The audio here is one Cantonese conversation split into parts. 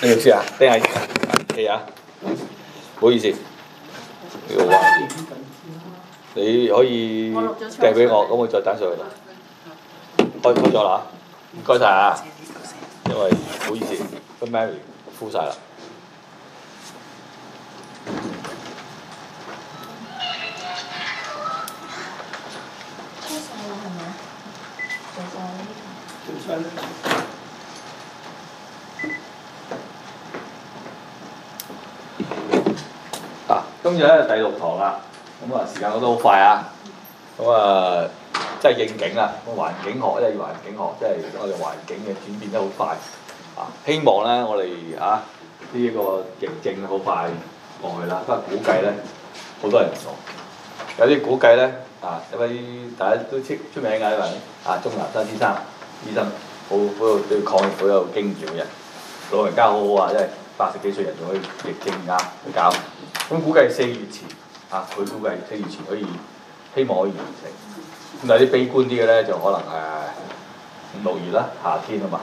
你嚟試下，聽下、哎，你啊，唔好意思，你可以寄俾我，咁我再打上去。開開咗啦，唔該晒啊，因為唔好意思，個 Mary 枯晒啦。今日呢，第六堂啦，咁啊時間過得好快啊，咁、嗯、啊真係應景啦，咁環境學呢要環境學，即係我哋環境嘅轉變得好快啊！希望呢，我哋啊呢一、呢個疫症好快過去啦，不過估計呢，好多人唔喪，有啲估計呢，啊一位大家都出出名嘅一位啊鍾南山醫生，醫生好好有對抗疫好有經驗嘅人，老人家好好啊真係。八十幾歲人仲可以逆疫症啊搞，咁估計四月前嚇佢、啊、估計四月前可以，希望可以完成。咁但係啲悲觀啲嘅呢，就可能係五六月啦，夏天啊嘛，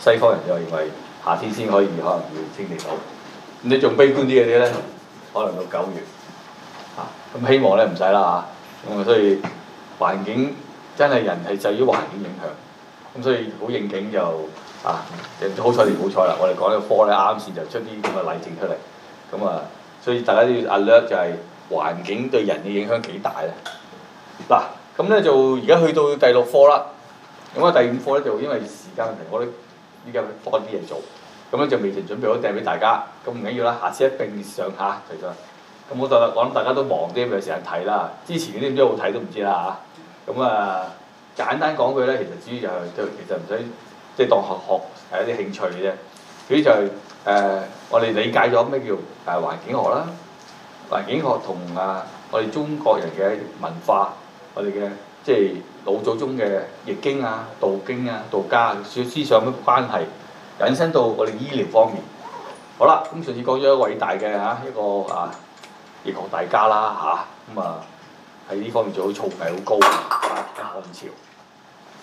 西方人就認為夏天先可以可能要清理到。咁你仲悲觀啲嗰啲呢，可能到九月啊。咁希望呢，唔使啦啊。咁啊，所以環境真係人係受於環境影響。咁所以好應景又。啊，亦都好彩定唔好彩啦！我哋講呢個科呢，啱先就出啲咁嘅例證出嚟，咁啊，所以大家都要 u n 就係環境對人嘅影響幾大啊。嗱，咁呢就而家去到第六科啦。咁啊，第五科呢，就因為時間問題，我呢依家多啲嘢做，咁呢就未曾準備好掟俾大家。咁唔緊要啦，下次一並上一下。其實我就咁好在啦。講大家都忙啲，咪成日睇啦。之前嗰啲點樣好睇都唔知啦嚇。咁啊，簡單講句呢，其實主要就係即係其實唔使。即係當學學係一啲興趣嘅啫、就是，佢就係誒我哋理解咗咩叫誒環境學啦，環境學同啊我哋中國人嘅文化，我哋嘅即係老祖宗嘅易經啊、道經啊、道家少思想嘅關係，引申到我哋醫療方面好。好、嗯、啦，咁上次講咗偉大嘅嚇一個啊易學大家啦嚇，咁啊喺呢、嗯啊、方面做好造詣係好高嘅、啊、漢朝。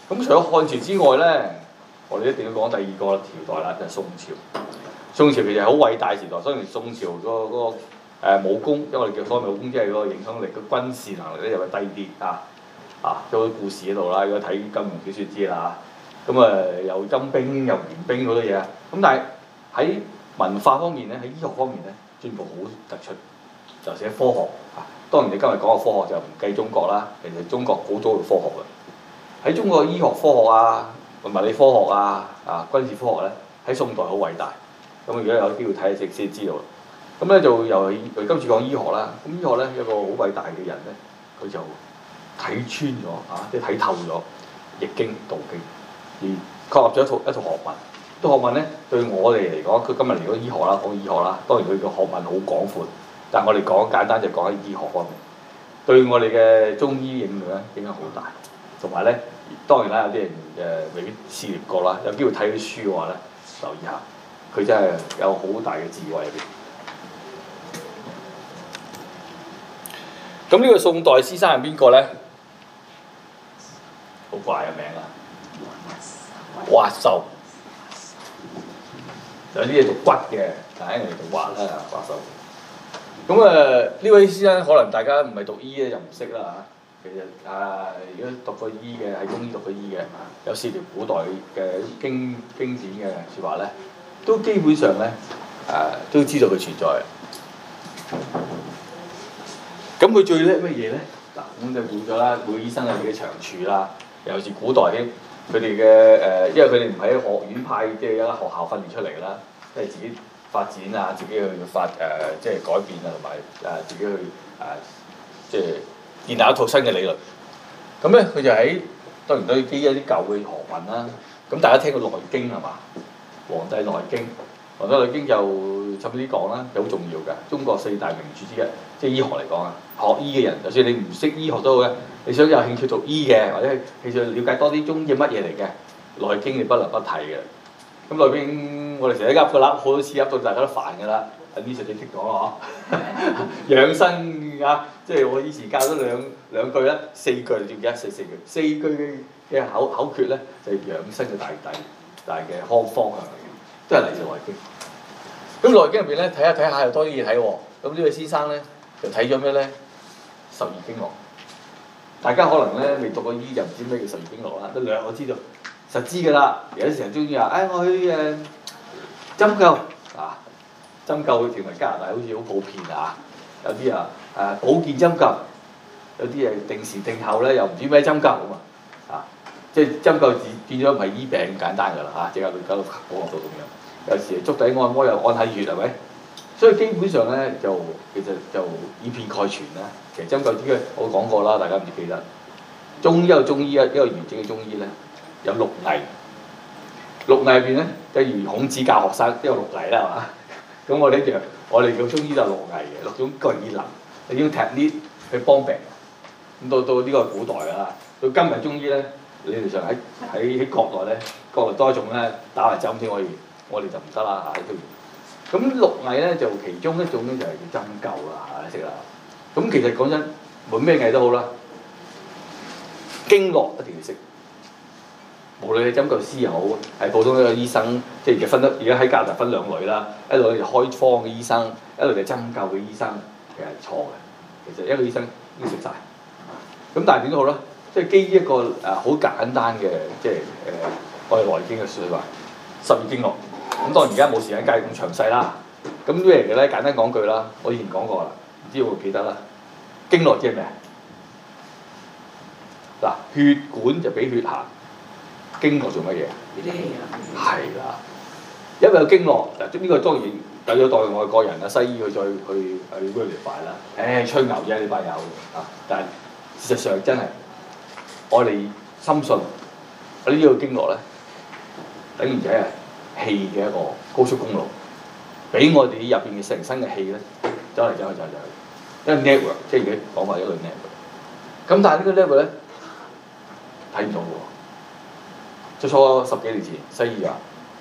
咁除咗漢朝之外呢。我哋一定要講第二個朝代啦，就係宋朝。宋朝其實好偉大時代，雖然宋朝嗰個誒武功，因為我哋叫做武功，即係個影響力個軍事能力又會低啲啊啊，都、啊啊、故事喺度啦，如果睇金庸小説知啦，咁啊、嗯，又金兵又元兵嗰啲嘢咁，但係喺文化方面呢，喺醫學方面呢，進步好突出，尤其喺科學啊。當然你今日講嘅科學就唔計中國啦，其實中國好早就科學嘅，喺中國醫學科學啊。同埋你科學啊啊，軍事科學呢，喺宋代好偉大，咁如果有機會睇先先知道咁呢，就由，由今次講醫學啦。咁醫學呢，有個好偉大嘅人呢，佢就睇穿咗啊，即係睇透咗《易經》《道經》，而確立咗一套一套學問。呢套學問呢，對我哋嚟講，佢今日嚟講醫學啦，講醫學啦。當然佢嘅學問好廣闊，但我哋講簡單就講喺醫學方面，對我哋嘅中醫影響呢，影響好大。同埋呢。當然啦，有啲人誒、呃、未必涉獵過啦，有機會睇啲書嘅話呢，留意下，佢真係有好大嘅智慧入面。咁呢 個宋代先生係邊個呢？好怪嘅名啊！滑壽， 有啲嘢讀骨嘅，但係人哋讀滑啦。滑、呃、壽。咁啊，呢位先生可能大家唔係讀醫咧，就唔識啦嚇。其實、呃、啊，如果讀過醫嘅，喺中醫讀過醫嘅，有涉獵古代嘅經經典嘅説話呢，都基本上呢，啊，都知道佢存在。咁、啊、佢最叻乜嘢呢？嗱、啊，咁就講咗啦，每個醫生有自己長處啦。尤其是古代啲，佢哋嘅啊，因為佢哋唔喺學院派，即係而家學校訓練出嚟啦，即係自己發展啊，自己去發啊、呃，即係改變啊，同埋啊，自己去啊、呃，即係。建立一套新嘅理論，咁、嗯、呢，佢就喺當然都基於一啲舊嘅學問啦。咁大家聽過《內經》係嘛？《黃帝內經》內經，《黃帝內經》就差唔多啲講啦，又好重要㗎。中國四大名著之一，即係醫學嚟講啊，學醫嘅人，就算你唔識醫學都好嘅，你想有興趣讀醫嘅，或者係你想了解多啲中醫乜嘢嚟嘅，《內經》你不能不睇嘅。咁內經我哋成日都噏個喇，好多次噏到大家都煩㗎啦。等呢個你識講喎，養生啊，即、就、係、是、我以前教咗兩兩句啦，四句，記唔記得？四四句，四句嘅口口，口訣呢，就係、是、養生嘅大底，大嘅康方嚟嘅，都係嚟自內經。咁內經入邊呢，睇下睇下又多啲嘢睇喎。咁呢位先生呢，就睇咗咩呢？十二經絡，大家可能呢未讀過醫就唔知咩叫十二經絡啦。得兩個知道，實知㗎啦。有啲成日中意話，唉、哎，我去唉、呃，針灸啊。針灸佢認為加拿大好似好普遍啊，有啲啊誒保健針灸，有啲啊定時定候呢，又唔知咩針灸咁啊，啊即係針灸自變咗唔係醫病咁簡單噶啦嚇，即係佢搞到光到咁樣，有時誒足底按摩又按喺穴係咪？所以基本上呢，就其實就以偏概全啦。其實針灸之嘅我講過啦，大家唔知記得，中醫有中醫一一個完整嘅中醫呢，有六藝，六藝入邊呢，例如孔子教學生都有六藝啦嚇。啊咁我哋一樣，我哋叫中醫就六藝嘅，六種技能，你要踢啲，去幫病。咁到到呢個古代啊，到今日中醫呢，你哋上喺喺喺國內呢，國內多種呢，打嚟針先可以，我哋就唔得啦嚇喺中醫。咁六藝呢，就其中一種呢，就係針灸啦，識啦。咁其實講真，冇咩藝都好啦，經絡一定要識。無論係針灸師又好，係普通一個醫生，即係而家分得而家喺加拿大分兩類啦，一類係開方嘅醫生，一類係針灸嘅醫生，其實係錯嘅。其實一個醫生兼食晒，咁但係點都好啦，即係基於一個誒好簡單嘅，即係誒我哋內經嘅説話，十二經絡。咁當然而家冇時間介紹咁詳細啦。咁咩嘅呢，簡單講句啦，我以前講過啦，唔知有冇記得啦？經絡即係咩？嗱，血管就畀血行。經絡做乜嘢？係啦、啊，因為個經絡呢、這個當然又要待外國人啊、西醫去再去啊，點樣嚟辦啦？唉、 哎，吹牛啫，啲朋友嚇，但事實上真係，我哋深信我哋呢個經絡呢，等於就係氣嘅一個高速公路，俾我哋入邊嘅成身嘅氣呢，走嚟走去走嚟走去，一個 network 即係講法叫 network。咁但係呢個 network 咧，睇唔到喎。最初十幾年前西醫話，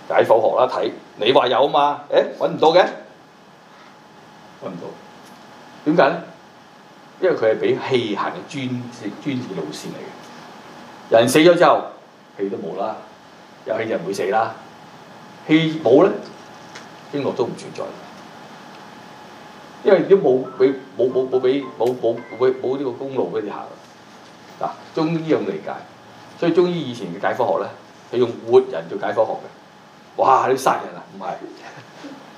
解剖學啦，睇，你話有嘛？誒揾唔到嘅，揾唔到，點解咧？因為佢係俾氣行嘅專專業路線嚟嘅。人死咗之後，氣都冇啦，有氣就唔會死啦，氣冇呢？經絡都唔存在。因為都冇俾冇冇冇俾冇冇冇冇呢個公路俾你行嗱，中醫咁理解？所以中醫以前嘅解剖學呢，佢用活人做解剖學嘅，哇！你殺人啊？唔係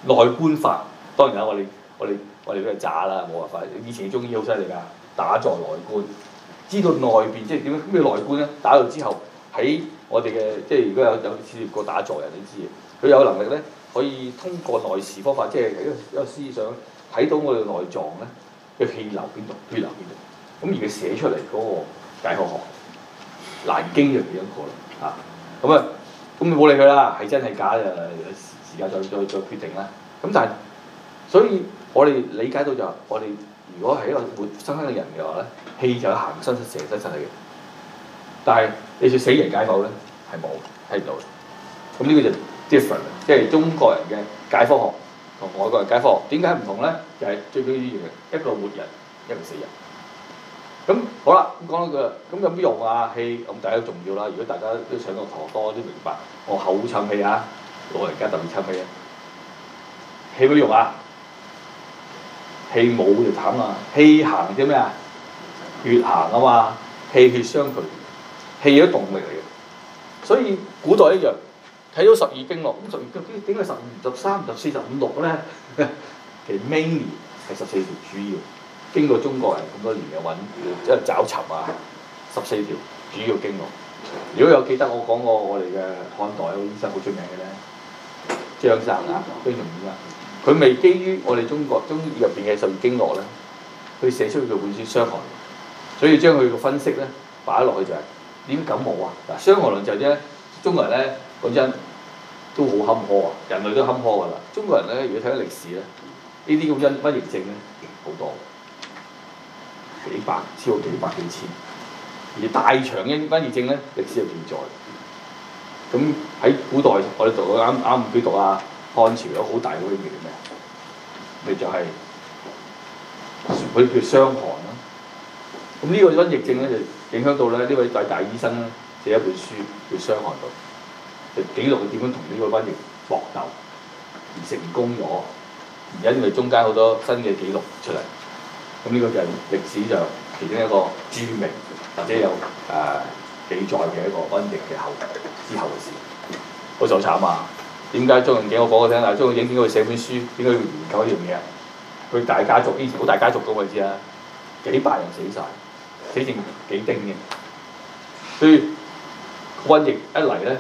內觀法，當然啦，我哋我哋我哋都係渣啦，冇辦法。以前中醫好犀利㗎，打坐內觀，知道內邊即係點樣咩？內觀呢？打坐之後喺我哋嘅，即係如果有有試過打坐人，你知嘅，佢有能力呢，可以通過內視方法，即係一個思想，睇到我哋內臟呢，嘅氣流邊度，血流邊度。咁而佢寫出嚟嗰個解剖學，有《難經就其中一咁啊，咁冇理佢啦，係真係假就時間再再再決定啦。咁但係，所以我哋理解到就係，我哋如果係一個活生生嘅人嘅話呢，氣就行出出射身出嚟嘅。但係，你說死人解剖呢，係冇睇唔到。咁呢個就 different，即係中國人嘅解剖學同外國人解剖學點解唔同呢？就係、是、最基本原因，一個活人，一個死人。咁好啦，講到佢，咁有咩用啊？氣，咁大家重要啦。如果大家都上到堂多啲，明白，我口冚氣啊，老人家特別冚氣啊，氣有咩用啊？氣冇就慘啦，氣行啲咩啊？血行啊嘛，氣血相併，氣係動力嚟嘅，所以古代一樣睇到十二經絡，咁十二經點解十二十三十四十五六呢？其實係十四條主要。經過中國人咁多年嘅揾，即係找尋啊，十四條主要經絡。如果有記得我講過我，我哋嘅漢代嗰個醫生好出名嘅咧，張山啊非常之啊，佢未基於我哋中國中醫入邊嘅十二經絡咧，佢寫出佢本書《傷寒》，所以將佢嘅分析咧擺落去就係點感冒啊？嗱，《傷寒論》就係，中國人咧講真都好坎坷啊！人類都坎坷噶啦。中國人咧，如果睇下歷史咧，呢啲咁因瘟疫症咧好多。幾百，超過幾百幾千，而大長嘅瘟疫症呢歷史就存、嗯、在。咁喺古代，我哋讀啱啱唔記得讀啊，漢朝有好大個瘟疫叫咩啊？咪就係佢叫傷寒咯。咁呢個瘟疫症呢，就影響到呢呢位大大醫生呢寫一本書叫《傷寒論》，就記錄佢點樣同呢個瘟疫搏鬥而成功咗，而因為中間好多新嘅記錄出嚟。咁呢個就係歷史上其中一個著名或者有誒、呃、記載嘅一個瘟疫嘅後之後嘅事，好受慘啊！點解張仲景我講俾你聽啊？張仲景點解要寫本書？點解要研究呢樣嘢？佢大家族以前好大家族噶嘛，你知啊？幾百人死晒，死剩幾丁嘅。所以瘟疫一嚟咧，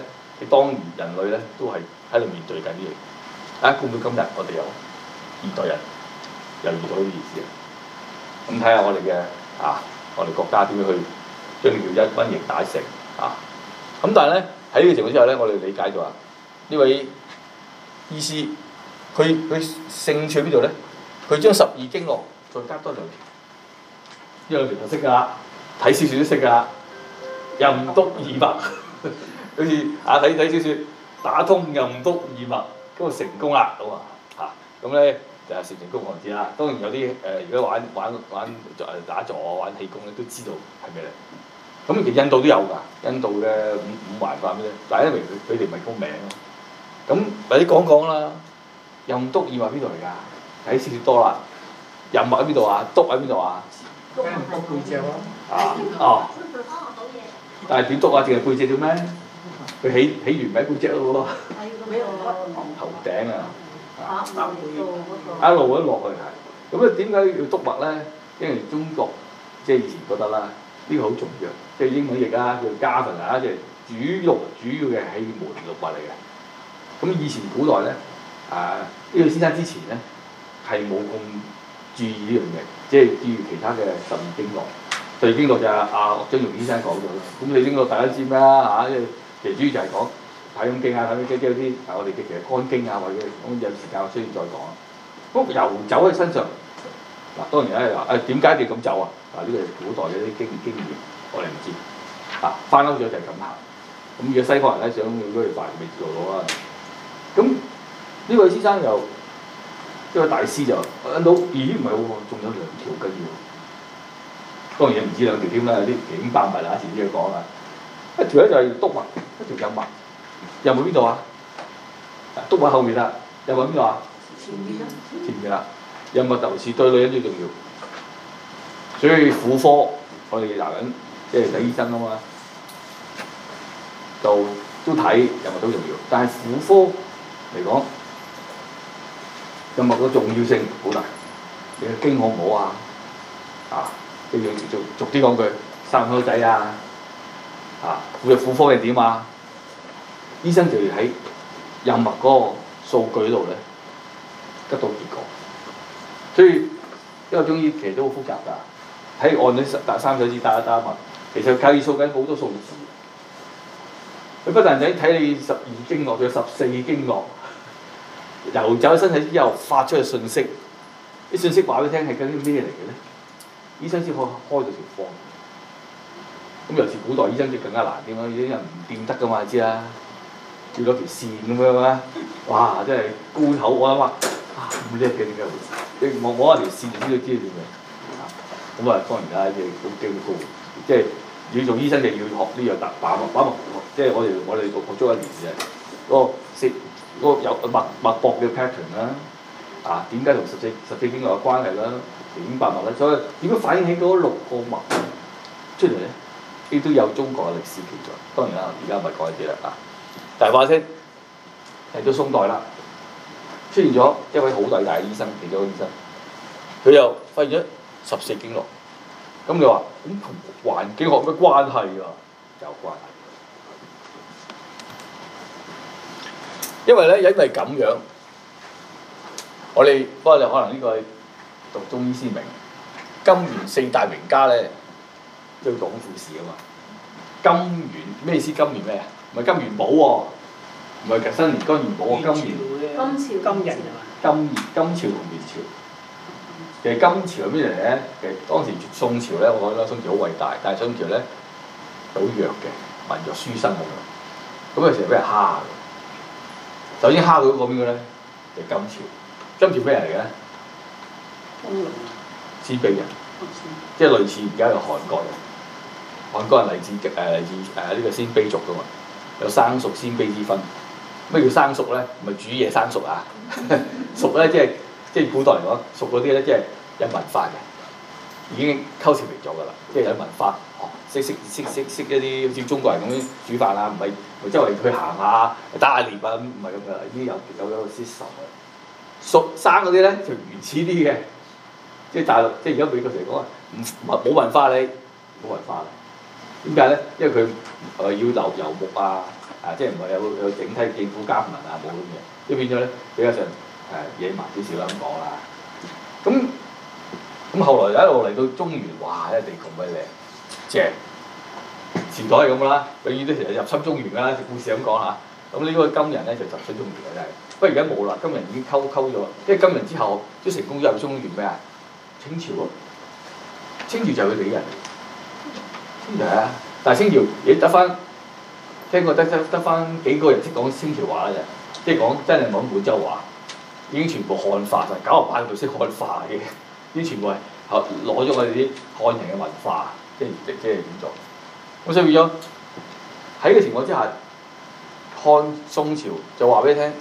當年人類咧都係喺度面對緊呢樣。啊，估唔到今日我哋有二代人又遇到呢件事。咁睇下我哋嘅啊，我哋國家點樣去將呢條一軍營打成啊？咁但係呢，喺呢個情況之下，下呢，我哋理解咗啊，呢位醫師佢佢勝在邊度呢？佢將十二經絡再加多兩條，呢兩條就識㗎，睇小説都識㗎，任督二脈，好似啊睇睇小説打通任督二脈，咁就成功啦，好嘛？嚇咁咧。就係射箭、弓和箭啦。當然有啲誒、呃，如果玩玩玩做誒打坐啊、玩氣功都知道係咩嘞。咁其實印度都有㗎，印度嘅五五環法咩？第一明佢哋唔係講名咯。咁或者講講啦。任督二脈邊度嚟㗎？睇小說多嘞。任脈喺邊度啊？說說督喺邊度啊？督喺背脊咯。啊哦。嗯、但係點督啊？淨係背脊做、啊、咩？佢起起源咪背脊咯、啊、喎、哎哦。頭頂啊！啊啊啊、路一路一落去係，咁咧點解要督脈呢？因為中國即以前覺得啦，呢個好重要，即英經脈嚟啦，叫肝脈啊，即主肉主要嘅氣門，督脈嚟嘅。咁以前古代呢，啊呢個先生之前呢，係冇咁注意呢樣嘢，即係注意其他嘅神經絡。神經絡就阿張榮先生，先生、啊、Hyundai, King, 講咗啦，咁你經過大家知咩啦嚇？其實主要就係講。太陰經啊，太陰經啲有啲，嗱我哋嘅其實肝經啊或者咁有時間我出先再講。嗰游走喺身上，嗱當然咧又，誒點解你咁走啊？嗱呢個係古代嗰啲經經驗，我哋唔知。啊翻返上嚟就係咁行。咁如果西方人咧想嗰嚟快，未做到啊。咁呢位先生又，呢位大師就揾到，咦唔係喎，仲有兩條筋喎。當然唔止兩條添啦，啲勁百密啊，自己去講啊。一條咧就係督脈，一條任脈。有冇邊度啊？督喺後面啦，有冇邊度啊？前面啦，陰物特別係對女人最重要，所以婦科我哋男人即係睇醫生啊嘛，就都睇陰物都重要，但係婦科嚟講，陰物個重要性好大，你個經好唔好啊？啊，即係要逐逐啲講句，生唔生仔啊？啊，佢婦科係點啊？醫生就要喺藥物嗰個數據度呢，得到結果，所以因為中醫其實都好複雜噶，睇按啲十打三手指打一打脈，其實佢計數緊好多數字，佢不但止睇你十二經絡，仲有十四經絡，遊走身體之後發出嘅信息，啲信息話俾你聽係緊啲咩嚟嘅呢？醫生先可開到條方，咁尤其古代醫生就更加難啲咯，啲人唔掂得噶嘛，你知啊？叫咗條線咁樣咧，哇！真係高手喎咁啊，咁叻嘅點解會？你摸摸一條線，你知道知道點嘅？咁啊，當然啦，亦好驚呼，即係要做醫生，就要學呢樣把脈啊！把脈啊，即係我哋我哋學學一年嘅。嗰個四個有脈脈搏嘅 pattern 啦，啊，點解同十四十四經脈有關係啦？點解脈咧？所以點解反映起嗰六個脈出嚟咧？亦都有中國嘅歷史記載。當然啦，而家唔係講呢啲啦，啊。大化先，嚟到宋代啦，出現咗一位好偉大嘅醫生，其中一位醫生，佢又發現咗十四經絡。咁佢話，咁同環境學咩關係啊？有關係㗎。因為呢，因為咁樣，我哋不過你可能呢個讀中醫先明，金元四大名家呢，都要講護士啊嘛。金元咩意思？金元咩啊？唔係金元寶喎，唔係生年金元寶喎，金元。金朝、金人，金元，金朝同元朝，其實金朝係咩嚟呢？其實當時宋朝呢，我覺得宋朝好偉大，但係宋朝呢，好弱嘅，文弱書生咁樣，咁嘅時候俾人蝦嘅。首先蝦佢嗰個邊個呢？就係、是、金朝。金朝咩人嚟嘅咧？鮮卑人。即係類似而家嘅韓國人，韓國人嚟自嚟自呢個鮮卑族嘅嘛。有生熟先卑之分，咩叫生熟呢？唔係煮嘢生熟啊、就是？熟呢，即係即係古代嚟講，熟嗰啲呢，即係有文化嘅，已經溝通嚟咗噶啦，即係有文化，文化啊、識識識識識一啲 好似中國人咁樣煮飯啊，唔係去周圍去行下打下獵啊，唔係咁噶啦，已經有有有知識嘅。熟生嗰啲呢，就原始啲嘅，即係大陸，即係而家美國嚟講，唔冇文化，你冇文化。點解呢？因為佢要留遊牧啊，啊即係唔係有有整體政府加盟啊，冇咁嘅，即係變咗呢，比較上誒野蠻啲，少啦咁講啦。咁咁、嗯嗯、後來一路嚟到中原，哇！啲地咁鬼靚正，前代係咁啦，永遠都成日入侵中原噶啦，故事咁講嚇。咁、嗯、呢、這個金人呢就入侵中原㗎，真係。不過而家冇嘞，金人已經溝溝咗，因為金人之後都成功入中原咩啊？清朝，清朝就係佢哋人。係啊，yeah, 但清朝你得翻，聽過得得得翻幾個人識講清朝話嘅啫，即係講真係講滿洲話，已經全部漢化晒，九個八度識漢化嘅，啲全部係攞咗我哋啲漢人嘅文化，即係即係點做？咁所以變咗。喺個情況之下，漢宋朝就話俾你聽，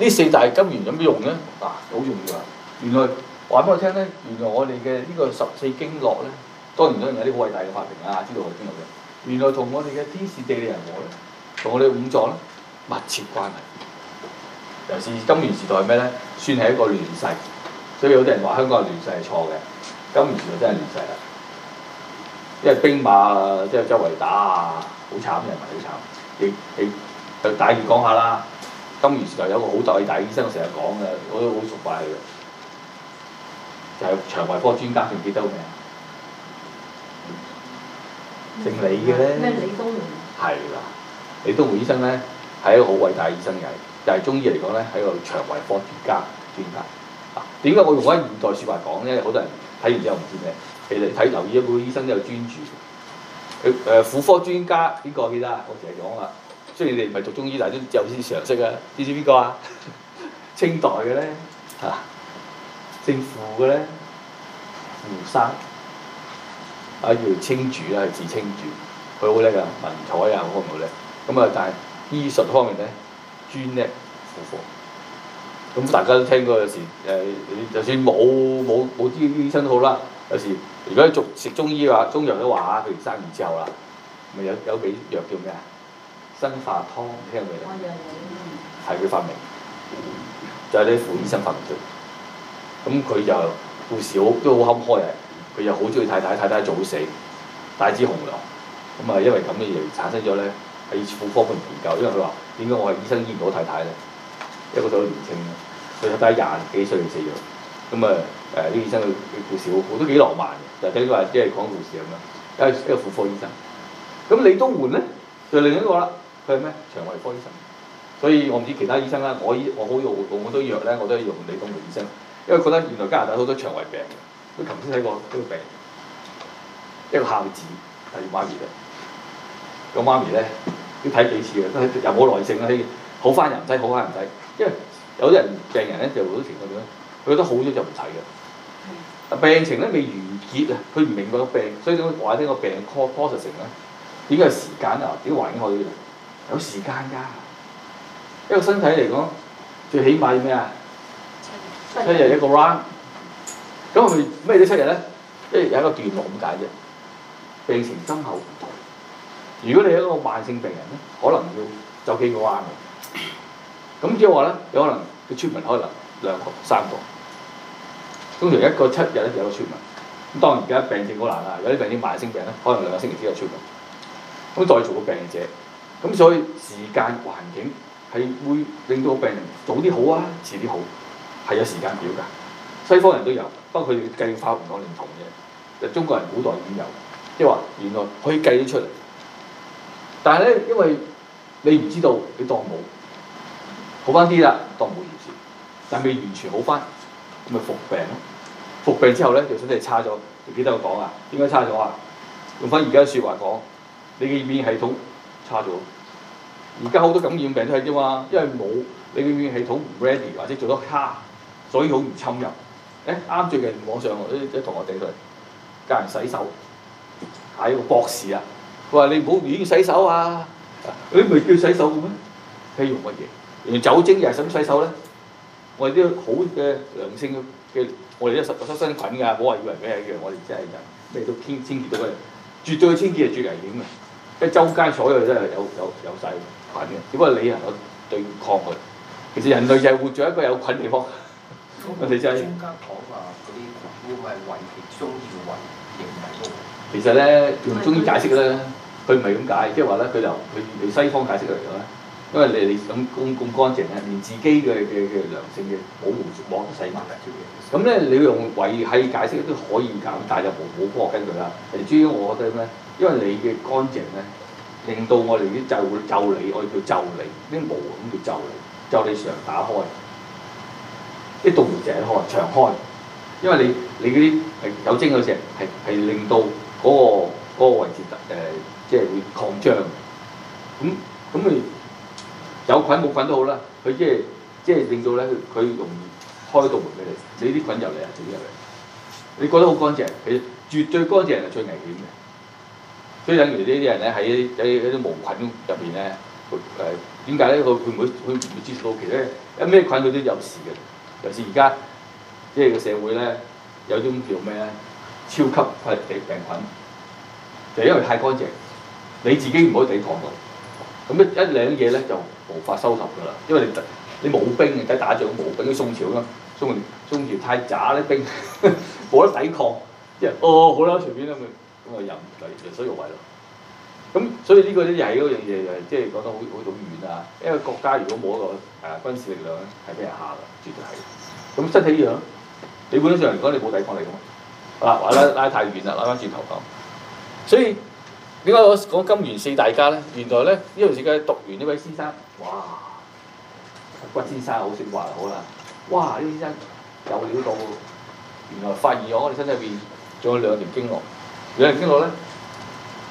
呢四大金元有咩用呢？嗱、啊，好重要啊！原來話俾我聽呢，原來我哋嘅呢個十四經絡呢。當然都有啲好偉大嘅發明啊，知道我係邊嘅？原來同我哋嘅天時地利人和咧，同我哋五臟咧密切關係。尤其是金元時代咩呢？算係一個亂世，所以有啲人話香港嘅亂世係錯嘅，金元時代真係亂世啦。因為兵馬即係周圍打啊，好慘，人民好慘。你，亦又大致講下啦，金元時代有個好得意大醫生，我成日講嘅，我都好熟曬佢嘅，就係腸胃科專家，仲記得個名？姓李嘅咧，咩李東梅？係啦，李東梅醫生咧係一個好偉大嘅醫生嚟。但係中醫嚟講咧係一個腸胃科專家，專家啊？點解我用翻現代說話講咧？好多人睇完之後唔知咩，其實你睇留意咗個醫生都有專注，佢誒婦科專家，邊個記得？我成日講啊。雖然你唔係讀中醫，但係都有啲常識啊。知唔知邊個啊？ 清代嘅咧嚇，姓傅嘅咧，胡生。啊叫做青主啊，係字青主，佢好叻㗎，文采啊好唔好叻？咁啊，但係醫術方面呢，專叻婦科，咁大家都聽過有時誒、呃，就算冇冇冇啲醫生都好啦。有時如果你做食中醫嘅話，中藥都話啊，譬如生完之後啦，咪有有幾藥叫咩啊？生化湯聽過未？係佢發明，就係啲副醫生發明出嚟。咁佢就故事好都好坎坷嘅。佢又好中意太太，太太早死，大支雄亮，咁啊，因為咁嘅嘢產生咗呢喺婦科部研究，因為佢話點解我係醫生醫唔到太太咧？一個都年青佢太太廿幾歲就死咗，咁啊誒啲醫生嘅故事好好，都幾浪漫嘅，就聽話即係講故事咁樣，一個一個婦科醫生，咁李東垣呢，就另一個啦，佢係咩？腸胃科醫生，所以我唔知其他醫生啦，我醫我好用，我好多藥呢，我都係用李東垣醫生，因為覺得原來加拿大好多腸胃病。佢頭先睇過一個病，一個孝子第二媽咪啊，個媽咪呢，要睇幾次嘅，都又冇耐性啊，好翻又唔睇，好翻又唔睇，因為有啲人病人呢，就好多情況嘅，佢覺得好咗就唔睇嘅，啊病情呢，未完結啊，佢唔明白個病，所以點解呢個病 co co 達成咧？應該係時間啊，點揾去？有時間㗎，一個身體嚟講，最起碼要咩啊？七日體一個 round。咁佢咩都七日呢，即係有一個段落咁解啫。病情生效唔同，如果你係一個慢性病人呢，可能要走幾個彎。咁即係話呢，有可能佢出門可能兩個三個，通常一個七日呢就有個出門。咁當然而家病症好難啦，有啲病症慢性病呢，可能兩個星期之後出門。咁再做個病者，咁所以時間環境係會令到病人早啲好啊，遲啲好，係有時間表㗎。西方人都有，不過佢哋計法唔同嘅。中國人古代已經有，即係話原來可以計得出嚟。但係呢，因為你唔知道，你當冇好翻啲啦，當冇回事，但係未完全好翻，咪復病咯。復病之後呢，就真係差咗，你記得我講啊？點解差咗啊？用翻而家説話講，你嘅免疫系統差咗。而家好多感染病都係啫嘛，因為冇你嘅免疫系統唔 ready，或者做得卡，所以好易侵入。誒，啱最近網上啲啲同學仔佢教人洗手，係個博士啊，佢話你唔好亂洗手啊，你唔係叫洗手嘅咩？哎用乜嘢，用酒精又係點洗手呢？我哋啲好嘅良性嘅，我哋啲十十身菌㗎，唔好話以為咩嘅，我哋真係人咩都清清潔到佢，絕對清潔係最危險嘅，即係周街所有都係有有有細菌嘅，只不過你能夠對抗佢。其實人類就係活在一個有菌地方。我哋就係專家講話嗰啲，要唔係維持中醫嘅維，為都。其實咧用中醫解釋咧，佢唔係咁解釋，即係話咧佢由佢西方解釋嚟講咧，因為你你咁咁咁乾淨咧，連自己嘅嘅嘅良性嘅保護膜都洗埋㗎，咁、嗯、呢，你用維係解釋都可以減，但係就冇冇科學根據啦。最主要我覺得咩？因為你嘅乾淨呢，令到我哋啲就會腠理，我哋叫腠理，啲毛咁叫腠理，腠理常打開。啲洞門成日開長開，因為你你嗰啲係有精有石係係令到嗰個嗰個位置誒，即係會擴張。咁咁誒有菌冇菌都好啦，佢即係即係令到呢，佢佢容易開洞門俾你。呢啲菌入嚟啊，整入嚟？你覺得好乾淨，佢絕對乾淨係最危險嘅。所以引嚟呢啲人咧，喺喺啲無菌入面、呃、呢，誒點解呢？佢唔會佢唔會接觸到其他一咩菌佢都有事嘅。尤其而家即係個社會呢，有種叫咩呢？超級嘅病菌，就是、因為太乾淨，你自己唔可以抵抗佢。咁一一兩嘢呢，就無法收拾㗎啦，因為你冇兵，而家打仗冇，等宋朝咯，宋宋朝太渣呢，兵冇得抵抗，即、就、係、是、哦，好啦，隨便啦咪咁咪任由為所欲為咯。咁所以呢個就係嗰樣嘢，就誒即係講得好好遠啊！因為國家如果冇一個誒、啊、軍事力量咧，係畀人蝦㗎。絕對係。咁身體嘢，本你本身上嚟講你冇抵抗力㗎嘛？嗱、啊，話拉拉太遠啦，拉翻轉頭講，所以點解我講金元四大家呢？原來呢，呢段時間讀完呢位先生，哇，骨子沙好識話好啦，哇呢位先生有料到，原來發現我我哋身體入邊仲有兩條經絡，兩條經絡呢？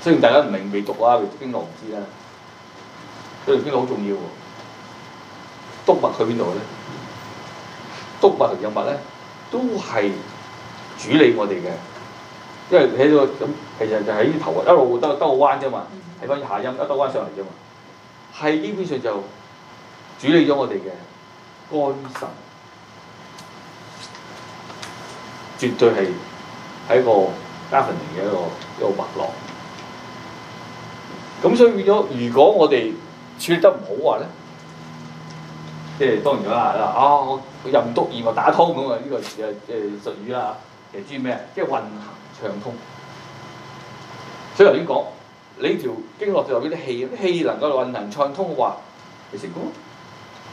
雖然大家唔明未讀啊，未讀經絡唔知啦，呢條經絡好重要喎，督脈去邊度呢？督脈同任脈呢都係主理我哋嘅，因為喺個咁，其實就喺呢頭一路兜兜個彎啫嘛，起翻下陰，一兜彎上嚟啫嘛，係基本上就主理咗我哋嘅肝腎，絕對係喺個加分型嘅一個一個脈絡。咁所以變咗，如果我哋處理得唔好嘅話呢。即係當然啦，啊、哦！我任督二脈打通咁啊，呢、這個誒誒術語啦。其實指咩？即係運行暢通。所以頭先講，你條經絡就入邊啲氣氣能夠運行暢通嘅話，你成功。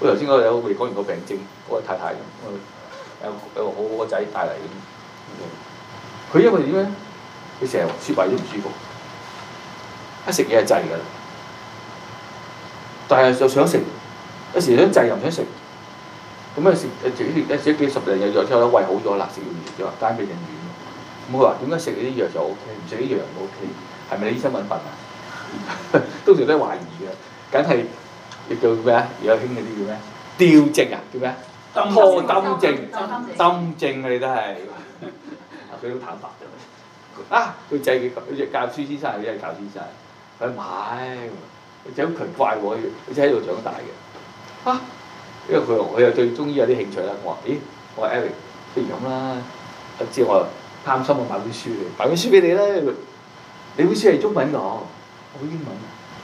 我頭先有未講完個病症，那個太太，有誒好好個仔帶嚟。佢因為點呢？佢成日穴位都唔舒服，一食嘢就滯㗎喇。但係就想食。有時想滯又唔想食，咁啊食誒自食咗幾十嚟日藥之後咧，胃好咗啦，食完藥之後，但人願咁佢話：點解食呢啲藥就 O K，唔食呢啲藥就 O K？係咪你醫生揾笨啊？當時都懷疑嘅，梗係叫叫咩啊？而家興嗰啲叫咩？吊症啊？叫咩啊？拖針症、針症，你都係啊！佢都坦白咗。啊，佢制佢佢亦教書先生，佢真係教書生。佢唔係，佢、哎、就好奇怪喎，佢即係喺度長大嘅。啊！因為佢佢又對中醫有啲興趣啦，我話咦，我話 Eric，不如咁啦，知我貪心我買本書嚟，買本書俾你咧。你本書係中文噶？我英文，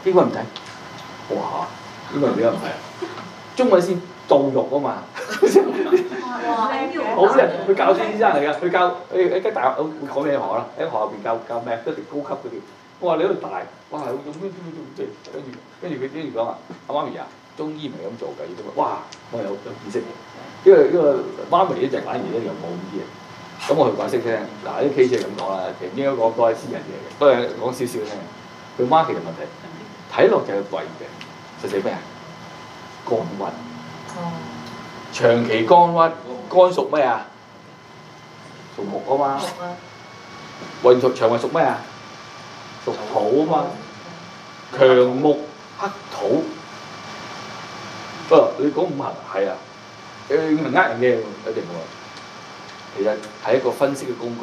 英文唔睇。哇！英文點解唔睇啊？中文先到肉啊嘛。哇！好嘅，佢教書先生嚟噶，佢教佢誒啲大學，好講咩學啦，喺學校入邊教教咩，都係高級嗰啲。我話你喺度大，哇！跟住跟住佢跟住講啊，阿媽咪啊！中醫唔係咁做㗎，要咁啊！哇，我有有知識，因為因為媽咪咧就反而咧又冇呢啲嘢，咁我去解釋聽。嗱，啲 case 就咁講啦，其實應該講嗰位先人嘢嘅，不過講少少聽。佢媽其實問題，睇落就係胃嘅，實質咩啊？肝鬱，長期肝鬱，肝屬咩啊？屬木啊嘛。運屬腸胃屬咩啊？屬土啊嘛。強木克土。哦，你講五行係啊，誒五行呃人嘅一定會。其實係一個分析嘅工具。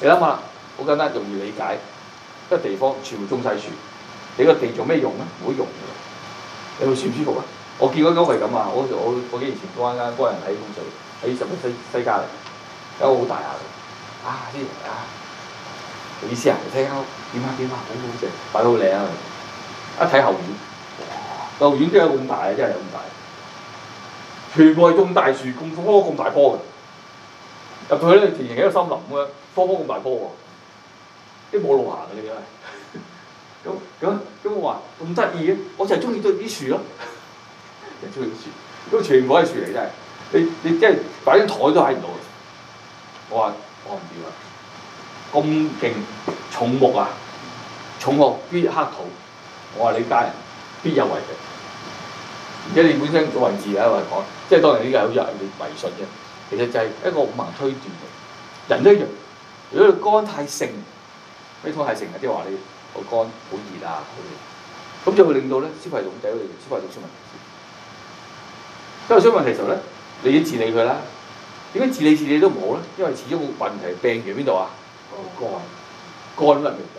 你諗下，好簡單，容易理解。一個地方全部種曬樹，你個地做咩用咧？冇用嘅。你會舒唔舒服、嗯、啊？我見嗰間屋係咁啊！我我我幾年前嗰間幫人睇風水，喺十德西西街嚟，間好大下嘅。啊啲人啊，意思啊，你睇下點啊點啊，啊好好正，擺得好靚啊！一睇後面。舊院都有咁大啊！真係有咁大，全部係種大樹，咁棵咁大棵嘅。入去呢，形成一個森林咁樣，棵棵咁大棵喎，啲冇路行嘅你真係。咁咁咁我話咁得意嘅，我就係中意對啲樹咯，就中意啲樹，都全部係樹嚟真係。你你即係擺張台都睇唔到。我話我唔要啊，咁勁重木啊，重學啲黑桃，我話你家人。」必有為病，而且你本身個文字啊，我係講，即係當年呢家好多人迷信啫。其實就係一個五行推斷嘅，人都一樣。如果你肝太盛，咩湯太盛啊？即係話你個肝好熱啊，咁就會令到呢消化系統就會消化出問題。因為出問題時候，呢，你要治理佢啦。點解治理治理都唔好呢？因為始終個問題病源邊度啊？肝，肝乜嘢？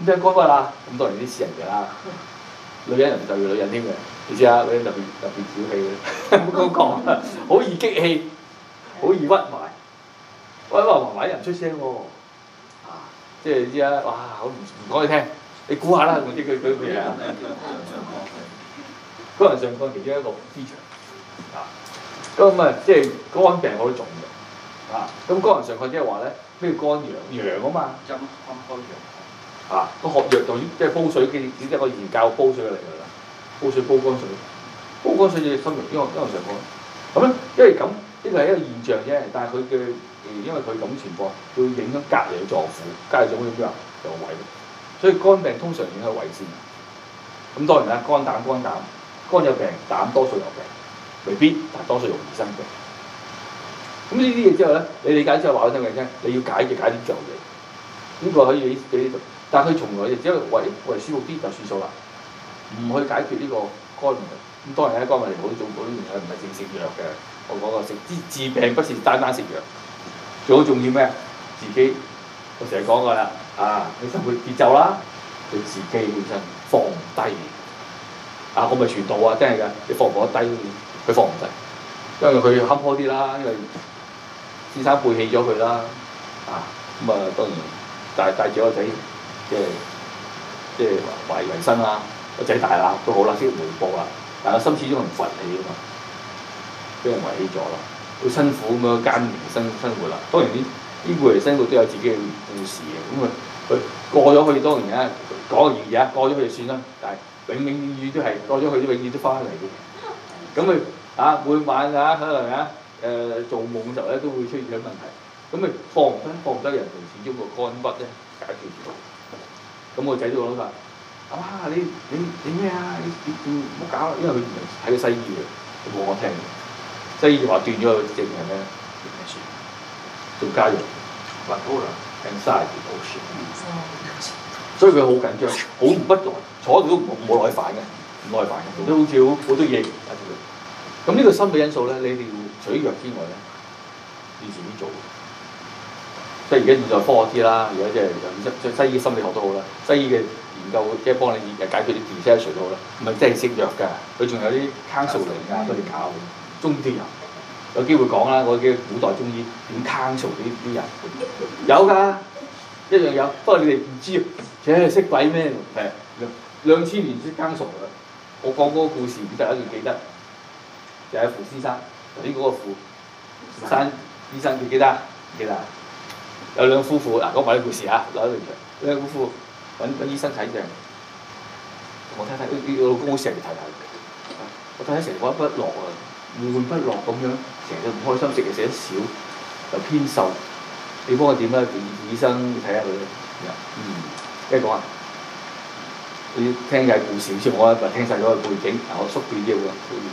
即知乾乜啦，咁當然啲私人嘅啦。女人又就要女人添嘅，你知啊？女人特別特別小氣嘅，唔好講，好易激氣，好易屈埋。屈屈埋埋人唔出聲喎，即係你知啊？哇！好唔唔講你聽，你估下啦，我知佢佢乜嘢啊？肝陽上亢其中一個滋長，啊，咁啊，即係肝病好重嘅，啊，咁肝陽上亢即係話咧，邊個肝陽陽啊嘛？陰肝開啊！個學藥就即係煲水嘅，只一個研究。煲水嚟噶啦，煲水煲乾水，煲乾水就分別邊個邊個情況？咁呢，因為咁呢個係一個現象啫，但係佢嘅誒，因為佢咁情況，會影響隔離臟腑，隔離臟腑點樣？脾胃，所以肝病通常影響胃先。咁當然啦，肝膽肝膽，肝有病，膽多數有病，未必，但多數容易生病。咁呢啲嘢之後呢，你理解之後話俾你聽，你要解就解啲舊嘢，呢個可以俾俾你但佢從來就只係為為舒服啲就算數啦，唔去解決呢個肝病。咁當然係肝病嚟，嗰啲中嗰啲藥係唔係淨食藥嘅。我講過食，治病不是單單食藥，最好重要咩？自己我成日講噶啦，啊你生活節奏啦，你,、啊你啊、自己本身放唔低。啊我咪傳道啊，真係㗎，你放唔放得低，佢放唔低，因為佢坎坷啲啦，因為先生背棄咗佢啦，啊咁啊當然帶帶住個仔。即係，即係，懷疑人生啦，啊，個仔大喇，都好喇，識回報喇。但係心始終唔忿氣啊嘛，俾人遺棄咗喇。好辛苦咁樣艱難生生活喇。當然啲啲過來生活都有自己嘅故事嘅，咁啊佢過咗去，當然而家講個懸疑過咗去就算啦，但係永永遠遠都係過咗去都永遠都翻嚟嘅。咁佢、嗯、啊每晚啊可能啊誒、呃、做夢嘅時候咧都會出現問題，咁佢放唔得放唔得人同始終個肝鬱呢，解決唔到。咁我仔都話我話，啊你你你咩啊？你唔好搞啦，因為佢睇嘅西醫嘅，佢冇我聽嘅。西醫就話斷咗佢隻命咧，讀咩書？做家用，文庫啦，Inside 所以佢好緊張，好唔不耐，坐喺度都唔冇耐煩嘅，唔耐煩嘅。都好似好好多嘢解脫佢。咁呢 個心理因素呢，你哋除咗藥之外呢，要自己做。即係而家現在科學啲啦，而家即係就係西醫心理學都好啦，西醫嘅研究即係幫你解決啲症狀都好啦。唔係即係食藥㗎，佢仲有啲坑傻嚟㗎，都係搞中醫人，有機會講啦。嗰啲古代中醫點坑傻畀啲人？有㗎，一樣有，不過你哋唔知，而且識鬼咩㗎？係兩千年識坑傻㗎。我講嗰個故事，你大家仲記得？就係傅先生，你嗰個傅、傅山醫生記唔記得？記得。有兩夫婦，嗱講埋啲故事啊。攞一段兩夫婦揾揾醫生睇病，這個，我睇睇佢佢老公好成日睇睇。我睇睇成日一彎不樂啊，悶悶不樂咁樣，成日都唔開心，食嘢食得少，又偏瘦。你幫我點呢？叫醫生睇下佢。嗯，跟住講啊，你聽曬故事先，我啊就聽晒咗個背景。我縮短啲喎，縮短。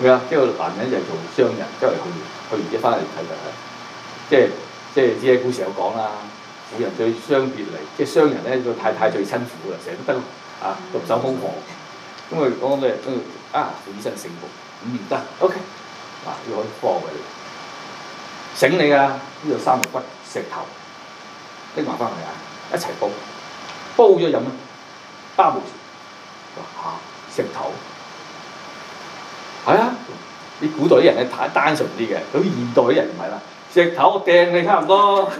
咩啊？呢個男人就係做商人，周圍去去完之後翻嚟睇就係，即係。即係知喺古時有講啦，婦人最相別離，即係商人呢個太太最辛苦嘅，成日都得啊獨守空房。咁啊講嘅，嗯啊，富起身幸福，嗯得，OK，啊都可以幫你。醒你，你啊，呢度三個骨石頭拎埋翻嚟啊，一齊煲，煲咗飲啊，包住。哇，石頭係啊，你古代啲人呢，太單純啲嘅，咁現代啲人唔係啦。石頭掟你差唔多，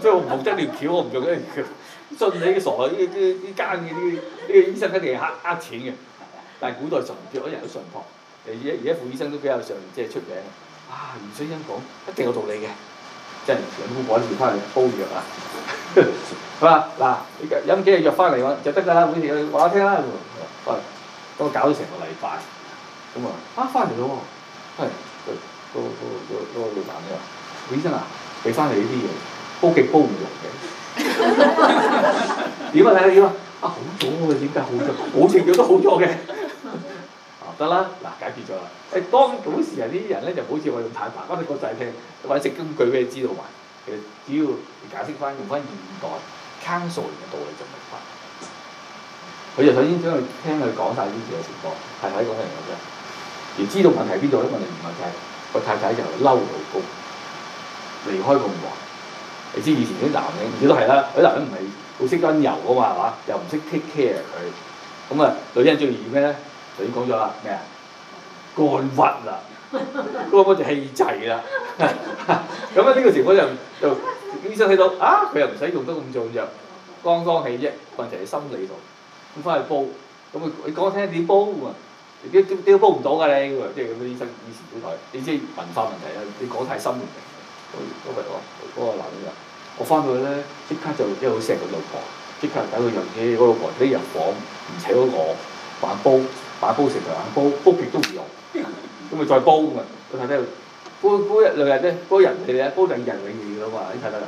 即我唔好真亂竊，我唔做嘅。信你啲傻嘅，呢啲呢間嘅呢呢個醫生一定係呃呃錢嘅。但係古代神醫，我日日上堂。而而家副醫生都比較上，即係出名。啊，袁醫生講一定有道理嘅，真係。咁我攞住翻嚟煲藥啊。係嘛？嗱，飲幾日藥翻嚟喎，就得㗎啦。每日話我聽啦，我搞咗成個禮拜，咁啊，啊，翻嚟啦喎。係，都都都都好難嘅。醫生啊，俾翻你呢啲嘢，煲極煲唔落嘅。點 啊？睇下點啊？啊好咗喎！點解好咗？好似佢都好咗嘅。 啊得啦，嗱，解決咗啦。誒，當嗰時呢啲人呢，就好似我用坦白，我哋個仔聽揾隻根據俾佢知道埋。其實只要解釋翻用翻現代 cancer 嘅道理就明白。佢就首先將佢聽佢講晒呢自己情況，係睇嗰啲人嘅啫。而知道問題邊度呢？問題唔係就係個太太就嬲老公。離開咁耐，你知以前啲男人，亦都係啦。啲男人唔係好識溫柔噶嘛，係嘛？又唔識 take care 佢。咁啊，女人最易咩呢？頭先講咗啦，咩 啊？肝鬱啦，嗰個就氣滯啦。咁啊，呢個時我又就醫生睇到啊，佢又唔使用得咁重藥，剛剛起啫，問題喺心理度。咁翻去煲，咁佢你講聽點煲啊？你點煲唔到㗎你？即係咁樣醫生以前啲台，你知文化問題啊，你講太深都唔係我，嗰，嗯嗰個男人。我翻去呢即刻就即係好錫個老婆人，即刻等佢入車。嗰老婆一入房，唔請我，反煲反煲，煲食就反煲，煲極都唔用。咁咪再煲㗎嘛？我睇睇，煲煲一兩日呢，煲人哋咧，煲陣人氣嚟嘅嘛。你睇睇啦，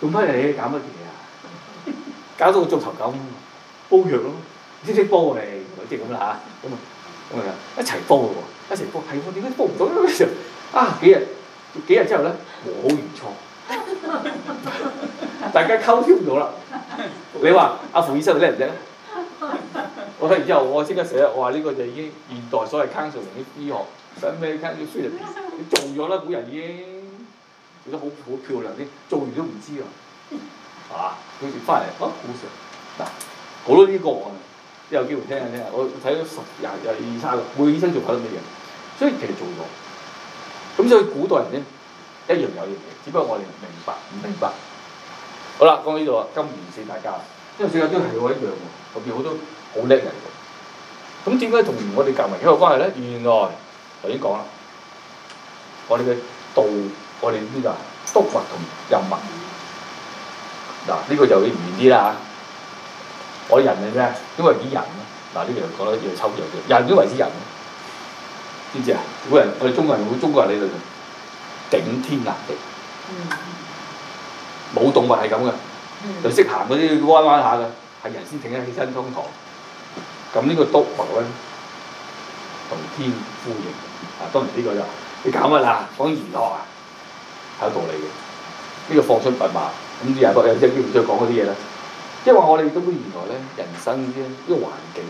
做乜你搞乜嘢啊？搞到我做頭咁，煲藥咯，識唔識煲、煲、煲、煲啊？你即咁啦嚇，咁啊咁啊，一齊煲喎，一齊煲，係喎，點解煲唔到咧？啊，幾，啊幾日？幾日之後呢，完好如初， 大家溝通咗啦。你話阿傅醫生叻唔叻？美美 我睇完之後，我即刻寫，我話呢個就已經現代所謂康復同啲醫學新咩康復書你做咗啦，古人已經做得好好漂亮啲，你做完都唔知 啊，係嘛？佢翻嚟，啊好成嗱，好多呢個案，都有機會聽下聽下。我睇咗十日又二,二,二三叉，每個醫生做過啲乜嘢？所以其實做咗。咁所以古代人呢一樣有樣嘢，只不過我哋唔明白唔明白。明白，嗯、好啦，講到呢度啦，金元四大家，因為四大家係我一樣喎，特別好多好叻人。咁點解同我哋夾埋民有關係呢？原來頭先講啦，我哋嘅道，我哋呢度督脈同任脈。嗱，呢、呢個就會遠啲啦嚇。我人係咩？因為以人啦。嗱，呢樣講得要抽象啲，人都為之人。知唔知啊？古人我哋中國人，我中國人呢度頂天立地，冇、嗯、動物係咁嘅，就識行嗰啲彎彎下嘅，係人先挺得起身胸膛。咁呢個督脈呢，同天呼應。啊，當然呢個就你搞乜啦？講玄學啊，係有道理嘅。呢、呢個放出密碼咁，又有機會再講嗰啲嘢咧。即係我哋根本原來呢，人生呢啲呢個環境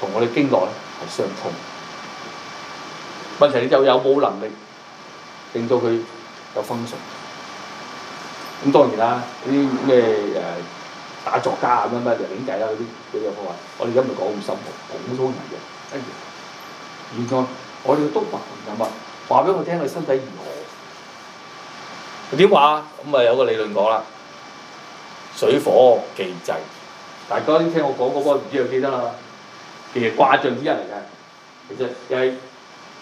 同我哋經絡呢，係相通。問題，你就有冇能力令到佢有分數？咁當然啦，嗰啲咩誒大作家咁樣咩就靚計啦，嗰啲都有開。我哋今日講咁深，咁多人嘅，跟住，原來我哋都問噶嘛，話俾我聽佢身體如何？佢點話？咁啊有個理論講啦，水火既濟，大家聽我講過嗰波唔知有冇記得啦，其實卦象之一嚟嘅，其實又係。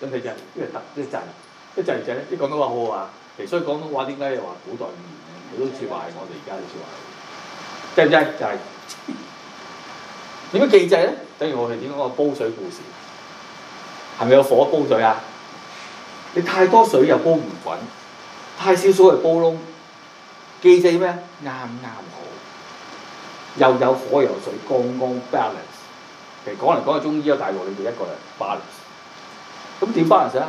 咁你就一陣一陣一陣就一講到話好好啊，其實所以廣東話點解又話古代語言咧？佢好似話係我哋而家啲說話，知唔知？就係點樣記製呢？等於我哋點講個煲水故事，係咪有火煲水啊？你太多水又煲唔滾，太少水又煲窿，記製咩？啱啱好，又有火又有水，剛剛 balance。其實講嚟講去，中醫咯，大係我哋一個人 balance。咁點翻嚟食啊？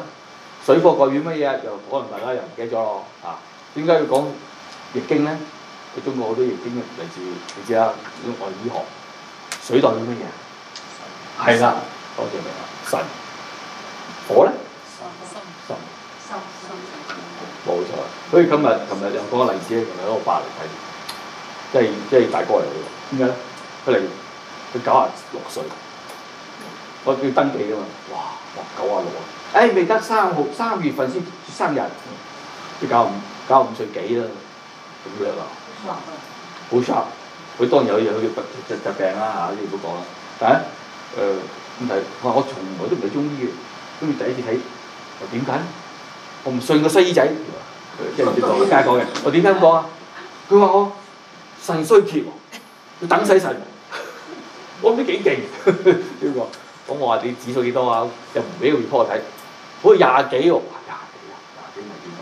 水火代表乜嘢又可能大家又唔記得咗啊？點解要講易經呢？佢中國好多易經嘅例子，你知啦，講愛醫學。水代表乜嘢啊？係啦水，多謝你啊。神。火呢？神神神神神。冇神神錯，所以今日、琴日就講個例子咧，琴日喺個化學嚟睇，即係即係大哥嚟嘅喎。點解呢？佢嚟，佢九十六歲。我要登記㗎嘛？哇哇九啊六啊！唉、欸，未得三號三月份先生日，先、嗯、九五九五歲幾啦？咁叻、嗯、啊！好差。佢當有嘢佢特特特病啦嚇！呢個講啦嚇，誒唔係我從來都唔係中醫嘅，中醫第一次睇，我點解、嗯嗎？我唔信個西醫仔，即係街頭人。我點解咁講啊？佢話我腎衰竭，要等死腎。我覺得幾勁，呢個。咁我話你指數幾多啊？又唔俾個月波我睇，好似廿幾喎。廿幾啊，廿幾咪、啊、點啊,啊？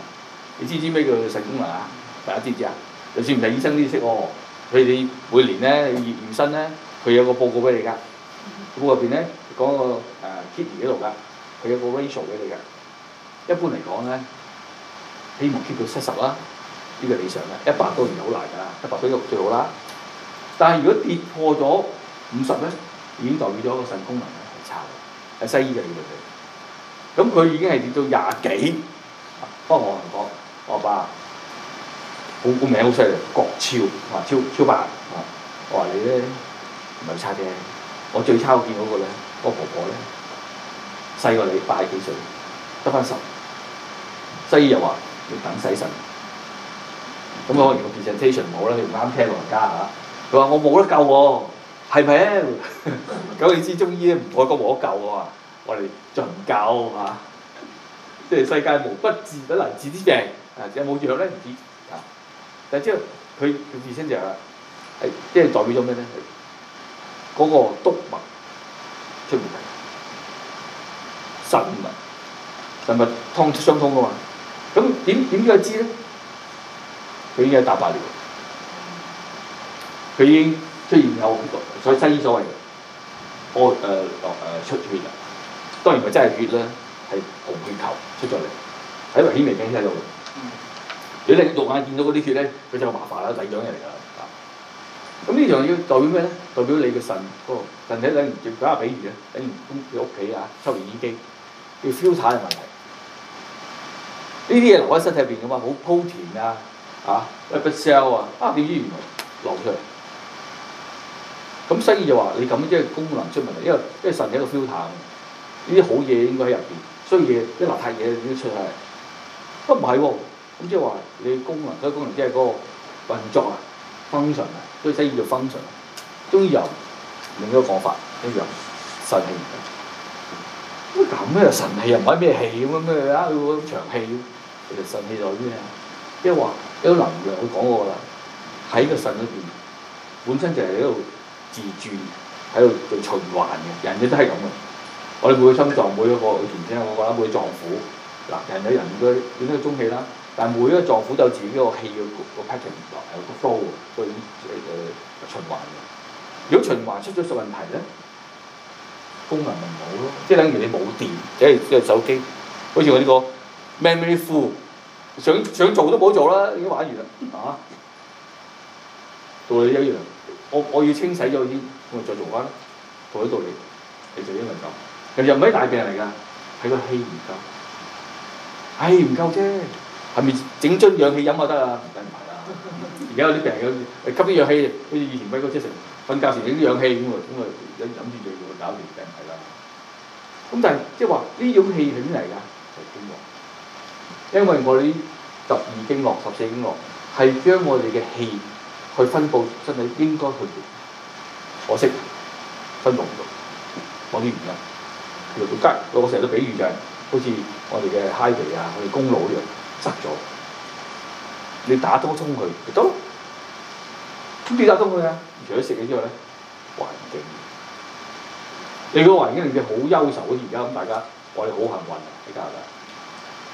你知唔知咩叫腎功能啊？大家知唔知啊？就算唔係醫生都識喎。佢、哦、哋每年咧去驗身呢，佢有個報告俾你㗎。報告入邊呢，講個誒 kitty 幾度㗎？佢、呃、有個 ratio 俾你㗎。一般嚟講呢，希望 keep 到七十啦，呢、這個理想嘅一百都唔係好難㗎啦、啊，一百都右最好啦、啊。但係如果跌破咗五十呢，已經代表咗個腎功能。喺西醫就要佢，咁佢已經係跌到廿幾。不過、啊、我講，我話，好，個名好犀利，郭超，話超超白。啊、我話你呢，唔係差嘅，我最差我見嗰個咧，那個婆婆呢，細過你大幾歲，得翻十。10，西醫又話要等死神，咁我個 presentation 冇啦，唔啱聽老人家嚇。佢話我冇得救喎、啊。係咪咧？咁你知中醫咧唔愛咁無可救嘛？我哋盡救嚇。即係世界無不治不能治之病，啊有冇藥呢？唔知啊。但係即係佢自稱就係，係即係代表咗咩呢？嗰個毒物出嚟，神物神物通相通噶嘛。咁點點解知呢？佢已經打敗了。佢已經。雖然有，所以西醫所謂嘅，我誒落出血嘅，當然唔係真係血嘞，係紅血球出咗嚟，喺個顯微鏡睇到，如果你肉眼見到嗰啲血呢，佢就麻煩啦，第二樣嘢嚟啦。咁呢樣要代表咩呢？代表你嘅腎嗰個腎仔頂唔住。假、哦、下比喻咧，頂唔通你屋企啊，抽完煙機叫 filter 嘅問題。呢啲嘢留喺身體入邊嘅嘛，好鋪田啊，啊，一筆 s e 啊，啊，點、啊啊、知原來流出嚟？咁西醫就話你咁即係功能出問題，因為因為腎係一個 filter 呢啲好嘢應該喺入邊，衰嘢啲邋遢嘢都要出係、啊。不過唔係喎，咁即係話你功能，所以功能即係嗰個運作啊，function，所以西醫叫 function。中醫又另一個講法，叫做神氣。咁、啊、咩神氣，又氣？又唔係咩氣咁樣咩啊？佢嗰場氣其實神氣在於咩？即係話有能量佢講嗰、那個喺個腎嗰邊本身就係喺度。自轉喺度做循環嘅，人人都係咁嘅。我哋每個心臟，每一個耳垂聽，我覺得每一個臟腑，嗱人有人都有一個中氣啦。但係每一個臟腑都有自己個氣嘅個 pattern，係有個 flow 嘅、呃，循環嘅。如果循環出咗什問題呢，功能咪冇咯，即係等於你冇電，誒即係手機。好似我呢、這個 memory full，想想做都冇得做啦，已經玩完啦。啊，道理一樣。我我要清洗咗啲，我再做翻咯。同呢度你就是、因為夠，又唔係大病嚟噶，係個氣唔夠，唉唔夠啫。係咪整樽氧氣飲就得喇？梗唔係啦。而家有啲病人有吸啲氧氣，好似以前喺嗰啲成係瞓覺時整啲氧氣咁喎，咁啊飲飲住就搞掂，梗係啦。咁但係即係話呢種氣係點嚟㗎？係、就是、經絡，因為我哋呢十二經絡、十四經絡係將我哋嘅氣。佢分佈真係應該去做，可惜分佈唔到，講啲原因。而家我成日都比喻就係、是，好似我哋嘅嗨 i g 啊，我哋公路呢樣塞咗，你打東沖去都點打東佢啊？除咗食嘢之外咧，環境你個環境令你哋好優秀啊！而家咁大家我哋好幸運喺加拿大，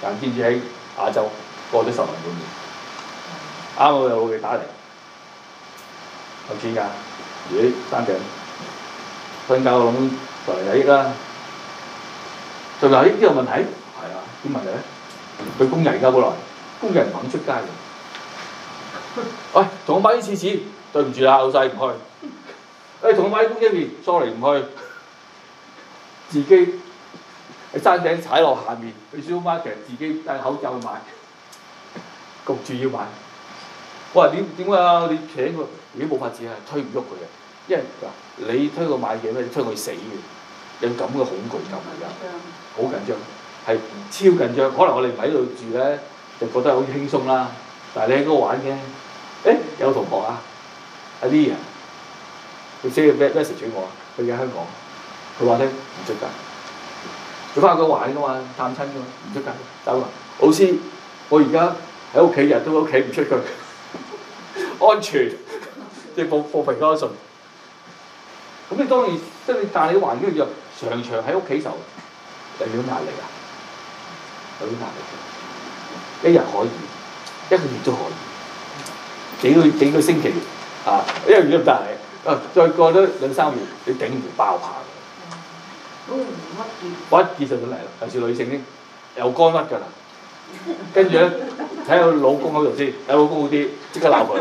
但係先至喺亞洲過啲十萬裏面，啱好有佢打嚟。冇錢噶，住喺、欸、山頂瞓覺咁，就嚟有益啦。就嚟有益呢個問題，係啊，點問題呢？佢工人而家好耐，工人唔肯出街嘅。喂，同我買啲廁紙，對唔住啊，老細唔去。誒，同我買啲公仔麵，蘇黎唔去。自己喺山頂踩落下面，佢小媽其實自己戴口罩去買，焗住要買。喂，點解啊？你企喺度。如果冇法子啊，推唔喐佢嘅，因為嗱你推佢買嘢咧，你推佢死嘅，有咁嘅恐懼感而家，好緊張，係超緊張。可能我哋唔喺度住呢，就覺得好輕鬆啦。但係你喺嗰度玩嘅，誒有同學啊，阿 Lee 啊，佢即係咩咩 message 俾我啊？佢而家香港，佢話呢，唔出街，佢翻去嗰度玩啫嘛，探親啫嘛，唔出街。走嘞，老師，我而家喺屋企日日都喺屋企唔出㗎， 安全。即係貨貨幣加稅，咁你當然即係帶你還呢個藥，常常喺屋企受有冇壓力啊？有啲壓力，一日可以，一個月都可以，幾個幾個星期啊，一個月唔得，啊再過多兩三年，月，你頂唔住爆棚。嗯嗯嗯、我一見上咁嚟啦，尤其是女性咧，又幹乜㗎啦？跟住呢，睇下老公嗰度先，老公好啲？即刻鬧佢。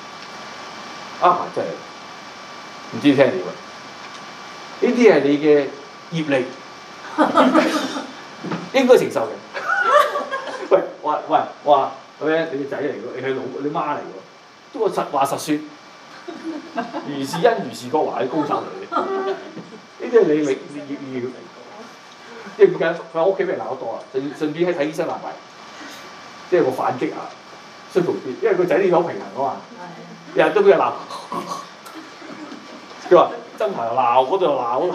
啊！真係唔知聽點啊！呢啲係你嘅業力， 應該承受嘅。喂！我話喂話咁樣，你個仔嚟喎，你係老你媽嚟喎，都話實話實説，於是因於是國華嘅高手嚟嘅。呢啲係你嘅業力，你業業。即係點解？佢屋企人鬧得多啊，順順便喺睇醫生嗱埋，即係個反擊啊！需要啲，因為個仔你有平衡啊嘛。日日都俾人鬧，佢話爭埋鬧嗰度鬧，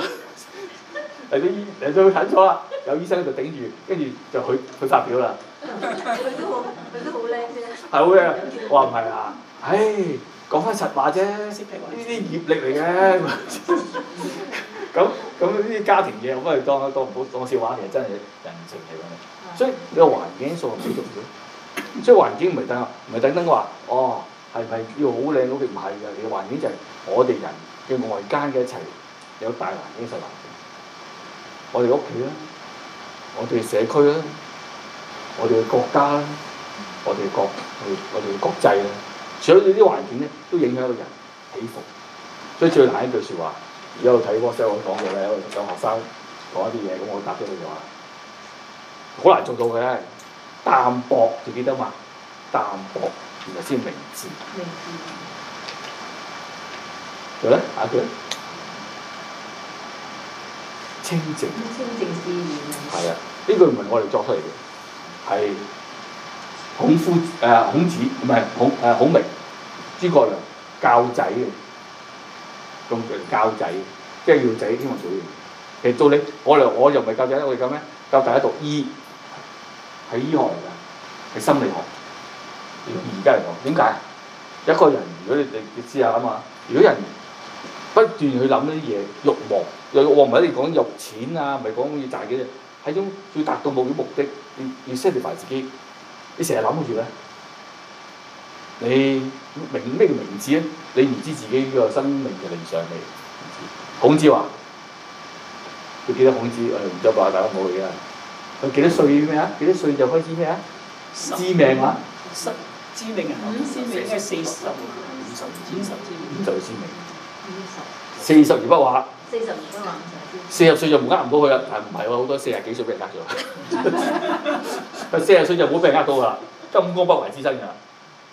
嚟咗 醫嚟咗去睇咗啦，有醫，醫生就頂住，跟住就去佢發表啦。佢 都好，佢都好叻啫。係 好嘅棒， 我話唔係啊，唉，講翻實話啫，呢啲業力嚟嘅。咁咁呢啲家庭嘢，我唔好當當唔好當笑話嚟，真係人情嚟㗎。 所以呢、這個環境因素最重要。所以環境唔係等唔係等等話哦。係咪要好靚好企？唔係㗎，你環境就係我哋人嘅外間嘅一齊有大環境、細環境。我哋屋企啦，我哋社區啦，我哋國家啦，我哋國，我哋國際啦。所以呢啲環境咧都影響到人起伏。所以最難一句説話，而家我睇 WhatsApp 講過咧，有個小學生講一啲嘢，咁我答咗佢就話：好難做到嘅，淡薄就記得嘛，淡薄。原來先明字，仲有咧？下一句咧？清靜，清靜是義。啊，呢句唔係我哋作出嚟嘅，係孔夫子誒孔子唔係孔誒、啊、孔明、諸葛亮教仔嘅，用嚟教仔，即係要仔添啊！水以其實到你我嚟，我又唔係教仔，我係教咩？教大家讀醫，係醫學嚟㗎，係心理學。而家嚟講，點解？一個人如果你你你試下諗下，如果人不斷去諗啲嘢，慾望又慾望，咪講有錢啊，咪講要賺幾、啊、多，係種要達到某種目的，要要 s p t r i t 化自己，你成日諗住咧，你明咩叫明智咧？你唔知自己個生命嘅理想未？孔子話：佢記得孔子誒唔得八卦，大家冇嘢啦。佢、哎、幾多歲咩啊？幾多歲就開始咩啊？知命啊！知命啊！五十命嘅五十知十知五四十而不惑。四十而不惑四十歲就唔呃唔到佢啦，但唔係喎，好多四廿幾歲俾人呃咗。四 廿歲就冇俾人呃到啦，金剛不壞之身㗎。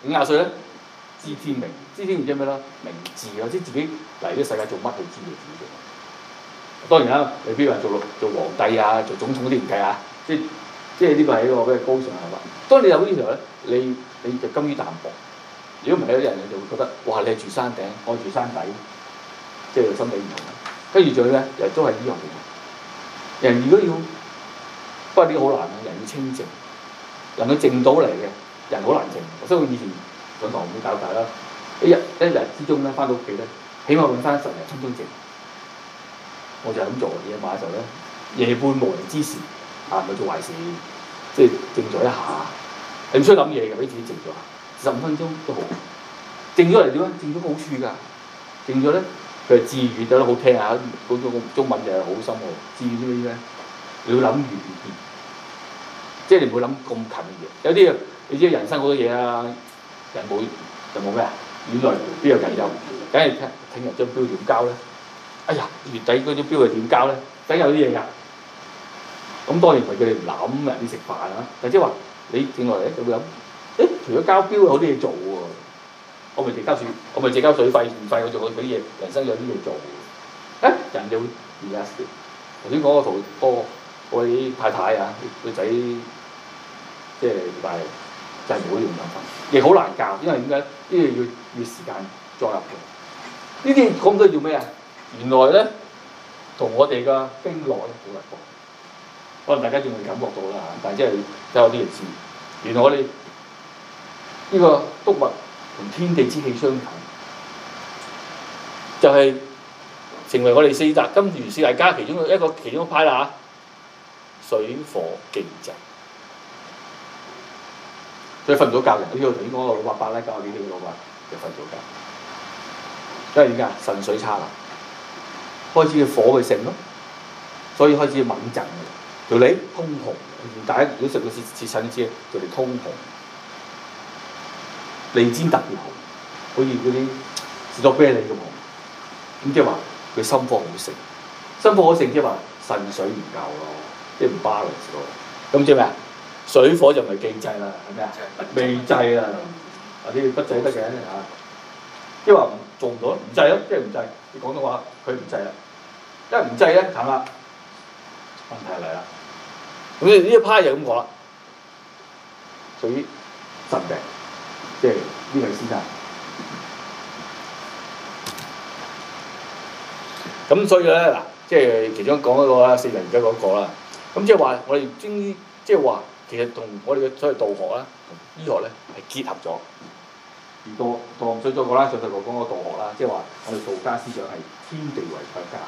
五廿歲呢，知天命，知天命即係咩咧？明智啊，知自己嚟呢世界做乜，佢知唔知當然啦，你比如話做做皇帝啊，做總統啲唔計啊，即即呢、這個係一、這個比較、這個這個、高尚嘅話。當你有呢條咧，你。你就甘於淡薄，如果唔係咧，啲人你就會覺得，哇！你係住山頂，我係住山底，即係心理唔同。跟住仲有呢，又都係依樣嘢。人如果要，不過啲好難，人要清淨，人要淨到嚟嘅，人好難淨。所以我以前上堂會搞曬啦，一日一日之中呢，翻到屋企呢，起碼搵翻十日，沖沖淨。我就係咁做，夜晚黑就呢，夜半無人之時，啊唔去做壞事，即係靜坐一下。你唔需要諗嘢㗎，俾自己靜咗十五分鐘都好，靜咗嚟點啊？靜咗好處㗎，靜咗呢，佢係致遠有好聽啊，嗰種中文又係好深奧㗎，致遠點呢，你要諗遠，即係你唔好諗咁近嘅嘢。有啲嘢你知人生好多嘢啊，就冇就冇咩啊？遠來必有近憂？梗係聽聽日張表點交呢？哎呀，月底嗰張表係點交呢？梗有啲嘢㗎，咁當然唔係佢哋唔諗㗎，你食飯啊！即係話你點落嚟咧你會諗？誒，除咗交表有啲嘢做喎，我咪淨交水，我咪淨交水費電費，我仲可以俾嘢人生有啲嘢做。誒，人又唔吔食。頭先講個圖多位太太啊，個仔即係但係就係冇呢樣諗法，亦好難教，因為點解呢啲要要，要時間再入去？呢啲講咁多做咩啊？原來呢，同我哋嘅經絡好密切。可能大家仲未感覺到啦嚇，但係即係都有啲嘢事。原來我哋呢、這個督脈同天地之氣相近，就係、是、成為我哋四大金魚四大家其中一個其中一派啦嚇。水火競爭，所以瞓唔到覺嘅。呢、這個頭先講個老伯伯咧，九廿幾歲老伯就瞓唔到覺，因為點解腎水差啦，開始火去盛咯，所以開始猛震條脷通紅，唔家如果食過切切診，你知啊，條通紅，荔枝特別紅，好似嗰啲士多啤梨咁紅。咁即係話佢心火好盛，心火好盛即係話腎水唔夠咯，即係唔巴 a 咯。咁知咩啊？水火就唔係忌制啦，係咩啊？未制，制啊！啊啲不，不制得嘅嚇，即係唔做唔到唔制咯，即係唔制。你廣東話佢唔制啊，因為唔制咧，係咪啊？問題嚟啦～咁呢一派就咁講啦，屬於神明，即係呢類先生。咁所以呢，嗱，即係其中講嗰個啊四人而家講過啦。咁即係話我哋中醫，即係話其實同我哋嘅所謂道學啦、醫學呢，係結合咗。而道道，最左個啦，上頭講過道學啦，即係話我哋道家思想係天地為一家。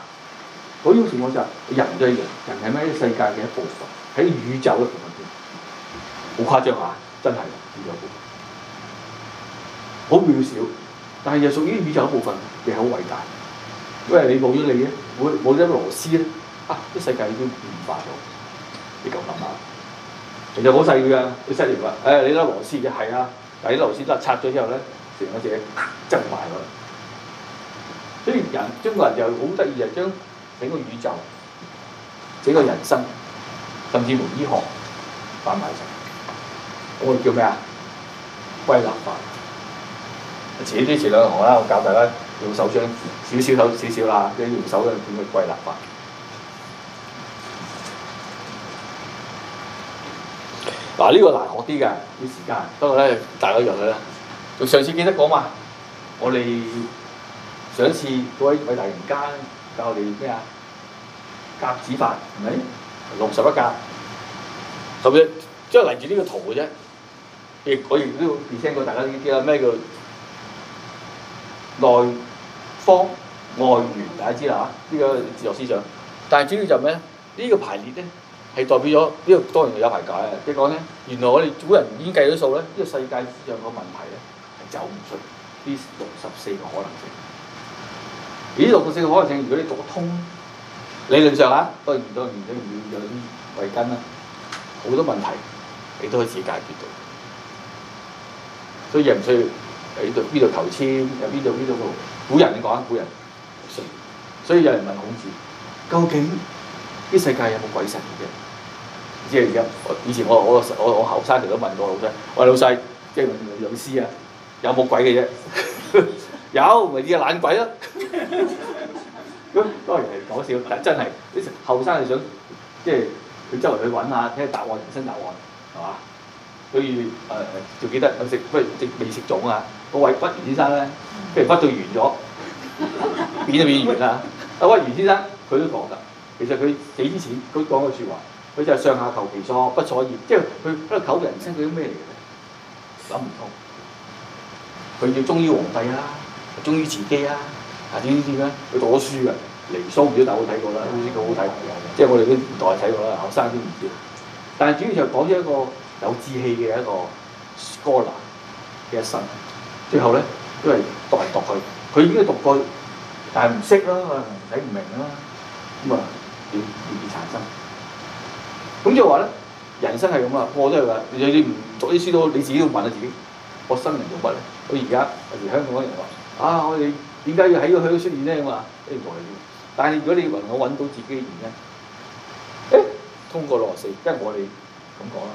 好嘅情況就係人一樣，人係咩世界嘅一部分。喺宇宙嘅部分，好誇張嚇、啊，真係宇宙好渺小，但係又屬於宇宙一部分，你係好偉大。餵你冇咗你咧，冇咗啲螺絲咧，啊啲世界已經變化咗，你咁諗下，其實好細㗎，佢失業啦。誒你得螺絲嘅，係、哎、啊，但係啲螺絲都係拆咗之後呢，成個自己崩埋咗。所以人中國人就好得意，就將整個宇宙，整個人生，甚至乎醫學擺埋一齊，我哋叫咩啊？歸納法。遲啲前兩堂啦，我教大家用手掌，少少手少少啦，啲用手掌點樣歸納法？嗱、啊，呢、這個難學啲嘅，要時間。不過呢，大家入去咧，上次記得講嘛，我哋上一次嗰位偉大人家教我哋咩啊？格子法，係咪、嗯？六十一格。咁嘅，即係嚟自呢個圖嘅啫。亦我亦都聽過大家啲叫咩叫內方外圓，大家知啦嚇。呢、這個自由思想。但係主要就咩咧？呢、這個排列呢，係代表咗呢、這個當然係有排解嘅。點講呢，原來我哋古人已經計咗數呢，呢、這個世界上有個問題咧係走唔出呢六十四個可能性。呢六十四個可能性，如果你讀得通，理論上啊，當然當然都要有啲慧根啦。好多問題，你都可以自己解決到，所以亦唔需要喺度呢度求簽，喺呢度呢度做。古人你講啊，古人，所以有人問孔子，究竟呢世界有冇鬼神嘅啫？即係而家，以前我我我我後生成日都問過我老細，喂老細，即係老師啊，有冇鬼嘅啫？ 有咪呢個懶鬼咯？咁當然係講笑，但真係啲後生係想即係。佢周圍去揾下，睇下答案，人生答案係嘛？所以誒，仲、呃、記得飲食，不如食未食糉啊！嗰位屈原先生呢， 不如屈到圓咗，變就變圓啦。阿屈原先生佢都講噶，其實佢死之前佢講嘅說話，佢就係上下求其所不所言，即係佢喺度求人生嗰啲咩嚟嘅？諗唔通，佢要忠於皇帝啊，忠於自己啊，係點點啊？佢讀咗書㗎。啊啊啊離騷唔少大會睇過啦，唔知好睇唔好睇？即係我哋啲年代睇過啦，後生都唔知。但係主要就講咗一個有志氣嘅一個 scholar 嘅一生。最後呢，因為讀嚟讀去，佢已經讀過，但係唔識啦，睇唔明啦，咁啊，越越嚟越殘生，咁即係話呢，人生係咁啊，我咗㗎。你你唔讀啲書都，你自己都問下、啊、自己，我生人做乜咧？我而家我哋香港人話：啊，我哋點解要喺佢嗰出現呢？」咁啊，但係如果你能我揾到自己嘅原因，通過六十四，即係我哋咁講啦，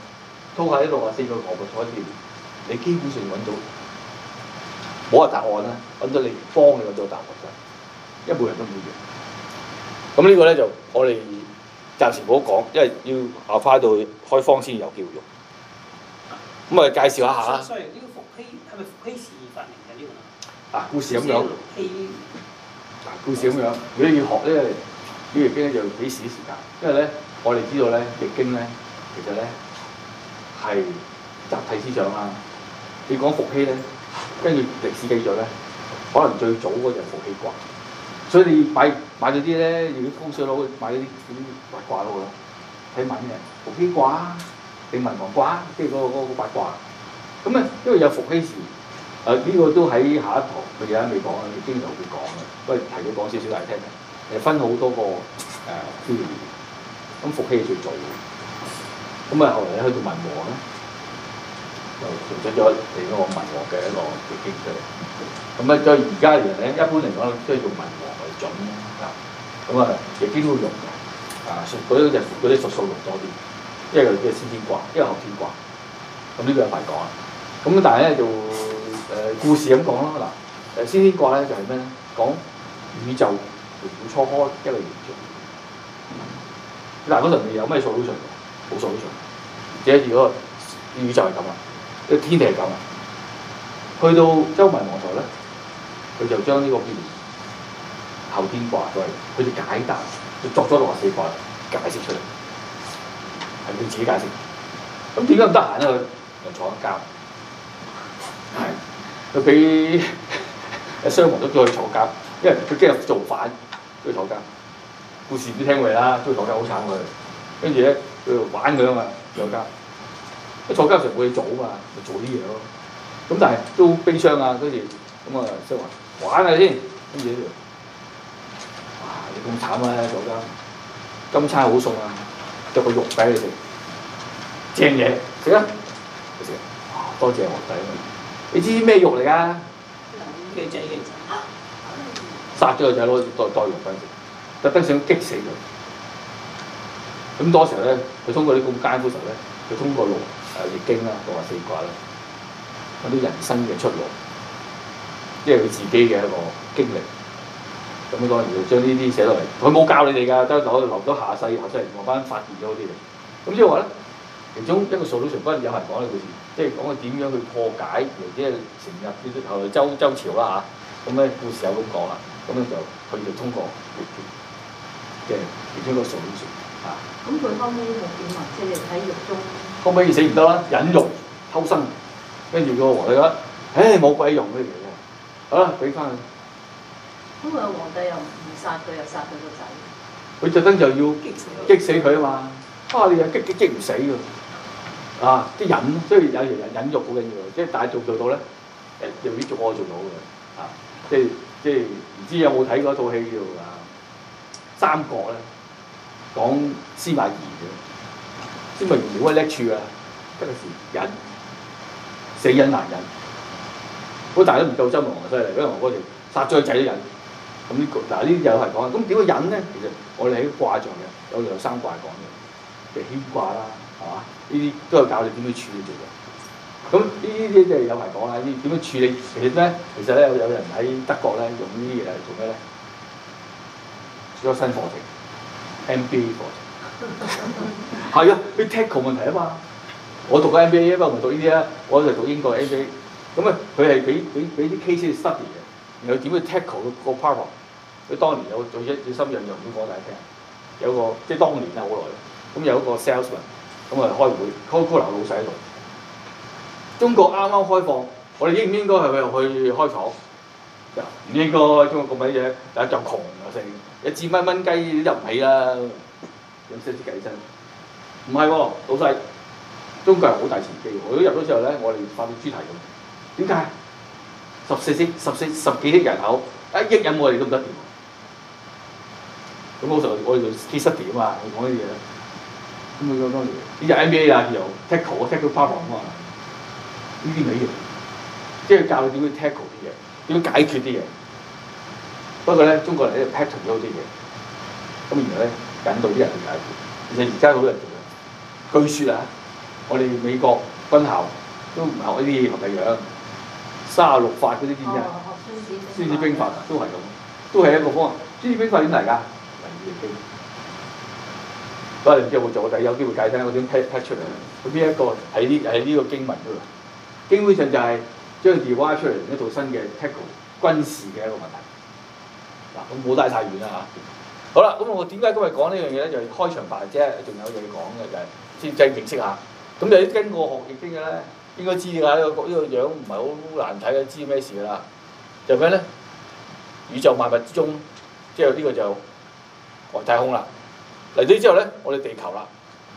通過喺六十四個項目裏邊，你基本上揾到冇話答案啦，揾到你方，幫你揾到答案，一般人都唔會贏。咁呢個咧就我哋暫時唔好講，因為要化化到開方先有機會用。咁啊介紹一下啦。所以呢個伏羲係咪伏羲事發明嘅呢個？啊故事咁樣。嗱，故事咁樣，如果你要學呢《易經》，就幾時啲時間？因為呢，我哋知道呢，《易經》呢，其實呢，係集體思想啦、啊。你講伏羲呢，跟住歷史記載呢，可能最早嗰就伏羲卦。所以你買買咗啲呢，如果風水佬買嗰啲幾八卦喎，睇文嘅伏羲卦、定文王卦，即係嗰嗰個八卦。咁啊，因為有伏羲時。誒呢個都喺下一堂，佢而家未講啊，經常會講啊，都係提佢講少少，大家聽下。誒分好多個誒專業，咁伏羲去做咁啊，後來去到文王呢，就做出咗另一個文王嘅一個嘅經典。咁啊，對而家嚟講咧，一般嚟講都係用文王為準咁啊，亦都要用啊，嗰啲就嗰啲屬數用多啲，一個係叫先天卦，一個係後天卦。咁呢個快講啦。咁但係呢，就呃、故事咁講咯嗱，誒先天卦咧就係咩咧？講宇宙盤古初開一個現象。嗱、嗯，嗰陣未有咩數學上，冇數學上。記一如果宇宙係咁啦，天地係咁啦。去到周文王嗰度咧，佢就將呢個片後天卦，佢佢哋解答，佢作咗六十四卦，解釋出嚟，係佢自己解釋。咁點解咁得閒咧？佢又坐一監，係。佢俾阿襄王都叫佢坐監，因為佢驚佢造反，都去坐監。故事唔知聽過未啦？都去坐監，好慘佢。跟住呢，佢又玩㗎嘛，坐監。一坐監嘅時候冇嘢做啊嘛，咪做啲嘢咯。咁但係都好悲傷啊！跟住，咁啊，即係話玩下先。跟住就。」「哇！你咁慘啊，坐監。今餐好餸啊，得個肉畀你食正嘢。食啊！多謝弟，多謝皇帝。你知咩肉嚟噶？殺咗個仔攞去代代肉翻嚟，特登想激死佢。咁多時候呢，佢通過呢咁艱苦時候呢，佢通過《易》誒《易經》啦，六十四卦啦，嗰啲人生嘅出路，即係佢自己嘅一個經歷。咁當然就將呢啲寫落嚟，佢冇教你哋㗎，都留留咗下世，下世望翻發達咗啲嘅。咁即係話呢，其中一個數老成不有人講呢個故事。即係講佢點樣去破解，或者係成日佢都後來周周朝啦吓，咁、啊、呢故事有咁講啦，咁樣就佢就通過嘅其中一個手段啊。咁佢後屘就變埋即係喺獄中，後尾佢死唔得啦，忍辱偷生，跟住個皇帝覺得，唉冇鬼用呢樣嘢，啊俾翻。咁啊，皇帝又唔殺佢，又殺佢個仔。佢特登就要激，激死佢啊嘛！啊，你又激激激唔死㗎。啊！即忍，雖然有時忍忍辱好緊要，即係但係做唔做到呢，又要做做到嘅。啊，即係即唔知有冇睇過一套戲叫《啊三國》呢？講司馬懿嘅。司馬懿有個叻處啊，一個是忍，死忍難忍。好大都唔夠周文王犀利，周文王嗰條殺咗個仔都忍。咁呢個嗱呢啲又係講，咁點樣忍呢？其實我哋喺卦象嘅有兩三卦講嘅，即係牽掛啦，係嘛？呢啲都有教你點樣處理嘅。咁呢啲即係有排講啦。呢點樣處理？其實呢，其實呢，有人喺德國呢用呢啲嘢嚟做咩呢？出咗新課程，MBA 課程。係 啊，你 technical 問題啊嘛。我讀緊 MBA，不嘛，唔讀呢啲啦，我就讀英國 MBA。咁、嗯、啊，佢係俾俾俾啲 case study 嘅，然後點去 technical 個 part r 佢當年有最一最深入又唔講大家聽。有一個即係當年啊，好耐啦。咁有一個 salesman。咁我哋開會，康夫樓老細喺度。中國啱啱開放，我哋應唔應該去開廠？唔應該，中國個乜嘢？但係又窮又盛，一隻蚊蚊雞都入唔起啦。飲少少雞精，唔係喎，老細，中國係好大前景。我如果入咗之後呢，我哋發啲豬蹄咁。點解？十四億，十四十幾億人口，一億人我哋都唔得掂。咁老實，我哋就睇失點啊！你講呢啲嘢。咁啊！當時呢隻 NBA 啊，有 tackle 啊，tackle 花樣啊，呢啲嚟型，即係教你點樣 tackle 啲嘢，點樣解決啲嘢。不過咧，中國人咧 pattern 咗啲嘢，咁然後咧引導啲人去解決，其且而家好多人做嘅。據説啊，我哋美國軍校都唔學呢啲，嘢唔係樣。三啊六法嗰啲啲咩？孫子兵法都係咁，都係一個方。孫子兵法點嚟㗎？啊不過唔知有冇做，但係有機會解釋，我先 t a 出嚟。佢邊一個喺呢喺呢個經文度，基本上就係將字畫出嚟一套新嘅 take 嚟軍事嘅一個問題。嗱，我冇帶太遠啦嚇。好啦，咁我點解今日講呢樣嘢呢？就係、是、開場白啫，仲有嘢要講嘅就係先正認識下。咁你跟過學易經嘅呢，應該知㗎呢個呢個樣唔係好難睇嘅，知咩事啦？就咩、是、呢？宇宙萬物之中，即係呢個就外太空啦。嚟咗之後呢，我哋地球啦，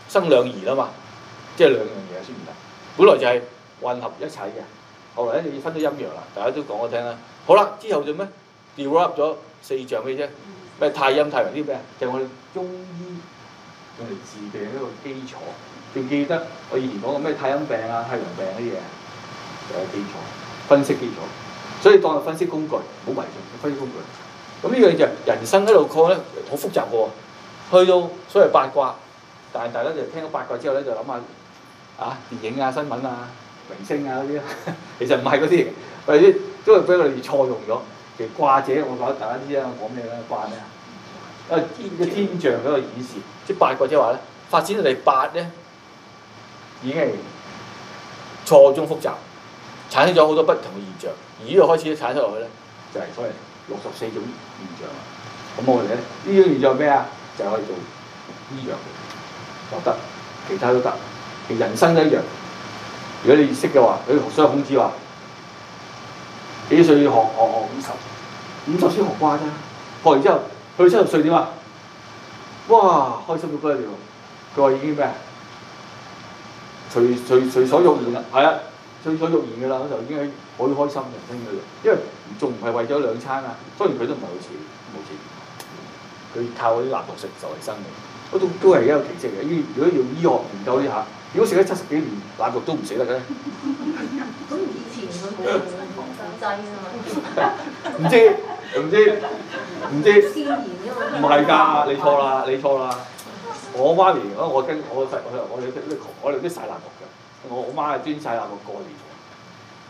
生兩儀啦嘛，即係兩樣嘢先唔得。本來就係混合一齊嘅，後嚟呢要分咗陰陽啦。大家都講我聽啦。好啦，之後做咩 develop 咗四象咩啫？咩太陰太陽啲咩？就係、我哋中醫用嚟治病一個基礎，仲記得我以前講過咩太陰病啊、太陽病嗰啲嘢，就、呃、係基礎分析基礎。所以當係分析工具，唔好迷信分析工具。咁呢樣就人生一路過呢，好複雜㗎喎。去到所謂八卦，但係大家就聽到八卦之後呢，就諗下啊，電影啊、新聞啊、明星啊嗰啲，其實唔係嗰啲，或者都係俾我哋錯用咗。其實卦者，我覺得大，大家知啦，我講咩咧？卦咩啊？天象嗰個演示，即八卦即話呢發展到嚟八呢，已經係錯綜複雜，產生咗好多不同嘅現象。而呢個開始踩生落去呢，就係所謂六十四種現象啊。咁我哋呢，呢種現象係咩啊？就可以做醫藥，就得，其他都得，其實人生都一樣。如果你識嘅話，佢學商孔子話：幾歲學學學、哦、五十，五十先學乖啫、啊。學完之後，去七十歲點啊？哇！開心到不得了，佢話已經咩啊？隨隨隨所欲言啦，係啊，隨所欲言嘅啦，就已經好開心人生嘅真係，因為仲唔係為咗兩餐啊。當然佢都唔係冇錢，冇錢。佢靠嗰啲臘肉食就為生嘅，嗰種都係一個奇跡嚟嘅。如果用醫學研究呢下，如果食咗七十幾年臘肉都唔死得咧，咁以前佢冇防腐劑啊嘛，唔知唔知唔知，唔係㗎， 你錯啦， 你錯啦。 我媽咪，我我跟我細佬我我我哋啲我哋啲曬臘肉㗎，我媽係專製臘肉過年，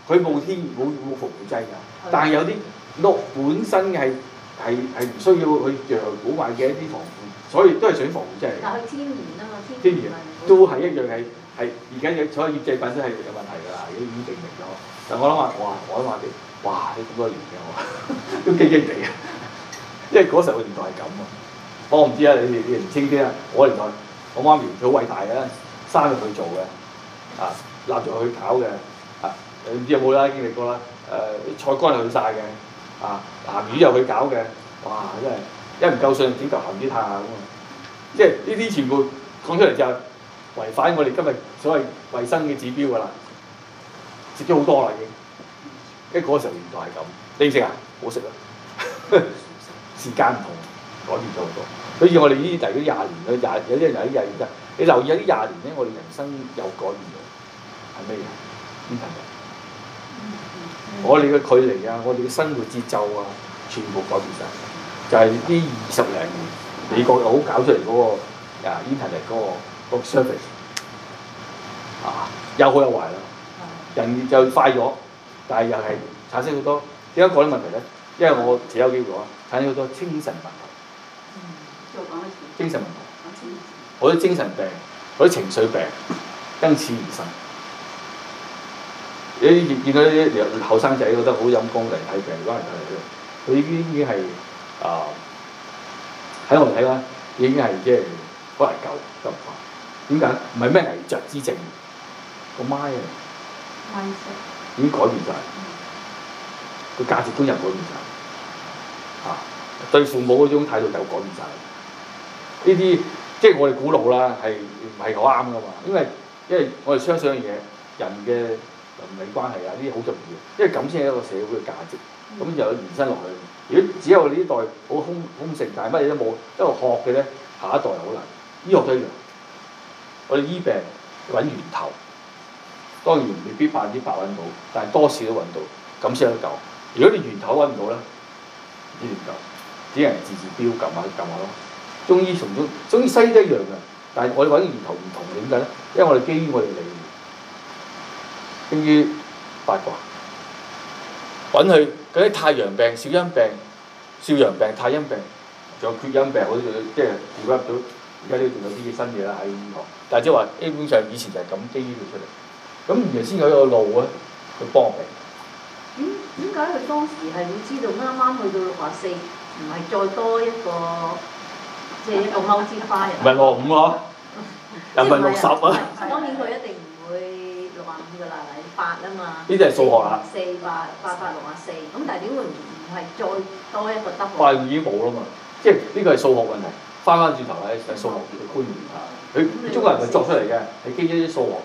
佢冇天然冇冇防腐劑㗎，但係有啲落本身係。係係唔需要去藥材補買嘅一啲防腐，所以都係屬於防腐劑。係天然都係一樣係係而家嘅所有醃製品真係有問題㗎啦，已經證明咗。但我諗下，哇，我諗下，啲哇你咁多年嘅我都驚驚地啊，因為嗰時候年代係咁啊，我唔知，知我我媽媽啊，你哋你唔清啲啊，我年代我媽咪好偉大嘅，生佢做嘅啊，臘肉去炒嘅啊，唔知有冇啦經歷過啦，誒菜乾係冇曬嘅。鹹、啊、魚又去搞嘅，哇！真係一唔夠水，就整嚿鹹魚曬咁啊！即係呢啲全部講出嚟就違反我哋今日所謂衞生嘅指標㗎啦，食咗好多啦已經。咁、那、嗰個時候年代係咁，你食啊？我食啊！ 時間唔同，改變咗好多。所以我哋呢啲，如果廿年咧，廿，有啲人就喺廿年啫。你留意下啲廿年呢，我哋人生又改變咗，係咩嘢？嗯嗯、我哋嘅距離啊，我哋嘅生活節奏啊，全部改變曬，嗯、就係呢二十零年美國佬搞出嚟嗰、那個 Internet 嗰、啊那個嗰、那個、service 啊，有好有壞啦。嗯、人就快咗，但係又係產生好多點解講呢？問題呢，因為我自己有機會講啊，產生好多精神問題。精神問題。精神、嗯、好多精神病，好多情緒病，因此而生。誒見到啲後生仔覺得好陰功，嚟睇病，呃嗯，可能係咧，佢已經已經係啊喺我哋睇咧，已經係即係好難救，救唔翻。點解？唔係咩危疾之症，個媽，媽啊，危疾媽已經改變晒？個、嗯、價值觀又改變晒。嚇、啊、對父母嗰種態度又改變晒。呢啲即係我哋古老啦，係唔係好啱㗎嘛？因為因為我哋相信嘅嘢，人嘅。人命關係啊！呢啲好重要，因為咁先係一個社會嘅價值。咁、嗯、就延伸落去。如果只有呢代好空空城，但係乜嘢都冇，一路學嘅呢，下一代又好難。醫學都一樣，我哋醫病揾源頭，當然未必百分之百揾到，但係多少都揾到，咁先有得救。如果你源頭揾唔到呢，呢樣就只能治治標撳下撳下咯。中醫同中中醫西醫都一樣嘅，但係我哋揾源頭唔同，點解呢？因為我哋基於我哋嚟。於八卦搵佢嗰啲太陽病、少陰病、少陽病、太陰病，仲有缺陰病，嗰啲就即係掌握到。而家都仲有啲嘢新嘢啦，喺醫學，但係即係話基本上以前就係咁，即係依度出嚟。咁原來先有個路啊，佢方便。咁點解佢當時係會知道啱啱去到六十四，唔係再多一個即係一個後置花人？唔係六十五咯，又唔係六十啊？ 八啊嘛，呢啲係數學啦。四八八八六啊四，咁但係點會唔係再多一個得㗎？八已經冇啦嘛，即係呢個係數學問題。翻返轉頭喺喺數學嘅觀念下，佢中國人唔係作出嚟嘅，係四基於啲數學。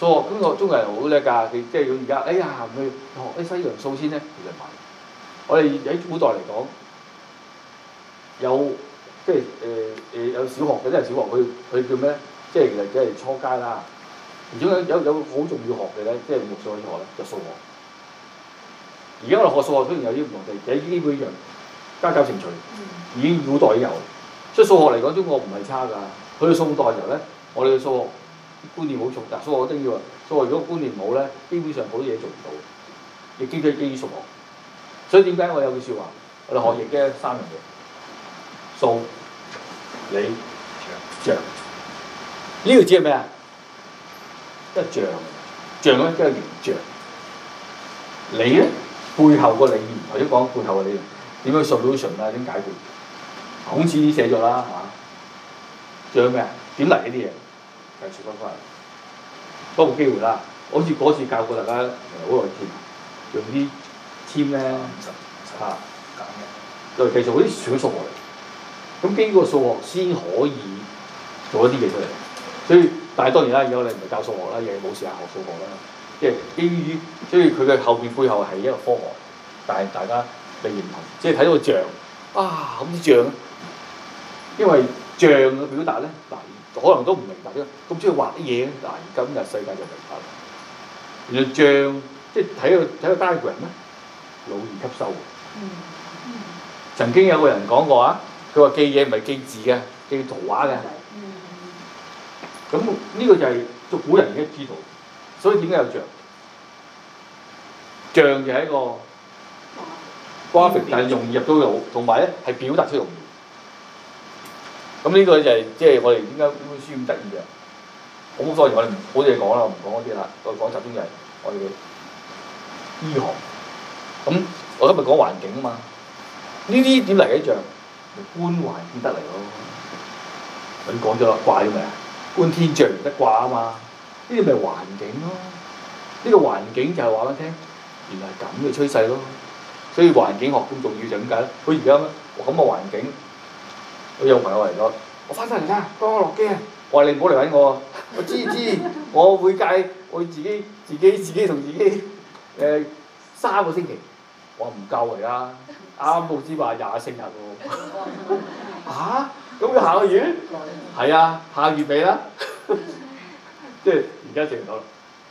數學、那個、中國中國人好叻㗎，佢即係佢而家，哎呀，唔去學啲西洋數先呢。其實唔係。我哋喺古代嚟講，有即係誒誒有小學嘅，即係小學佢佢叫咩？即係其實即係初階啦。其中有有有個好重要學嘅呢，即係六歲開始學咧，就係數學。而家我哋學數學，雖然有啲唔同地，但係呢幾樣加減乘除已經古代有。所以數學嚟講，中國唔係差㗎。去宋代就呢，我哋嘅數學觀念好重㗎。數學一定要數學，如果觀念冇呢，基本上好多嘢做唔到。亦叫做基礎數學。所以點解我有句説話，我哋學易嘅三樣嘢：數、理、長。呢個字係咩啊？即象，象呢，即係形象。理呢，背後個理念，或者講背後嘅理念，點樣 solution 啊？點解決？孔子寫咗啦，係、啊、嘛？仲有咩？點嚟呢啲嘢？技術不科學，不過機會啦。好似嗰次教過大家，好耐前，用啲 team 咧，十十下揀嘅，就係技術嗰啲數學嚟。咁經過數學先可以做一啲嘢出嚟，所以。但係當然啦，而家我哋唔係教數學啦，亦冇事學數學啦。即係基於，所以佢嘅後面背後係一個科學，但係大家理解唔同。即係睇到象啊，咁啲象，因為象嘅表達呢，嗱，可能都唔明白嘅，咁中意畫啲嘢嘅，但係今日世界就明白。原來象即係睇到睇到 diagram 呢，腦而吸收。曾經有個人講過啊，佢話記嘢唔係記字嘅，記圖畫嘅。咁呢個就係做古人已經知道，所以點解有象？象就係一個卦，graphic，但係容易入到腦，同埋咧係表達出嚟容易。咁、嗯、呢、這個就係、是、即係我哋點解呢本書咁得意嘅？好所以多嘢我哋唔好嘢講啦，唔講嗰啲啦，我講集中就嘅，我哋醫行。咁、嗯、我今日講環境嘛，呢啲點嚟嘅象？觀環境得嚟咯。咁講咗啦，怪咪啊！觀天著唔得掛啊嘛，呢啲咪環境咯，呢、這個環境就係話俾你聽，原來係咁嘅趨勢咯，所以環境學咁重要就咁解啦。佢而家咁嘅環境，佢又唔係我嚟咗，我翻返嚟啦，幫我落機啊。我話你唔好嚟揾我。啊。」我知知，我會計，我自己自己自己同自己誒、呃、三個星期，我唔夠嚟啦。啱報紙話廿四日喎，嚇、 啊？咁佢下個月，係 啊，下個月俾啦，即係而家食唔到啦，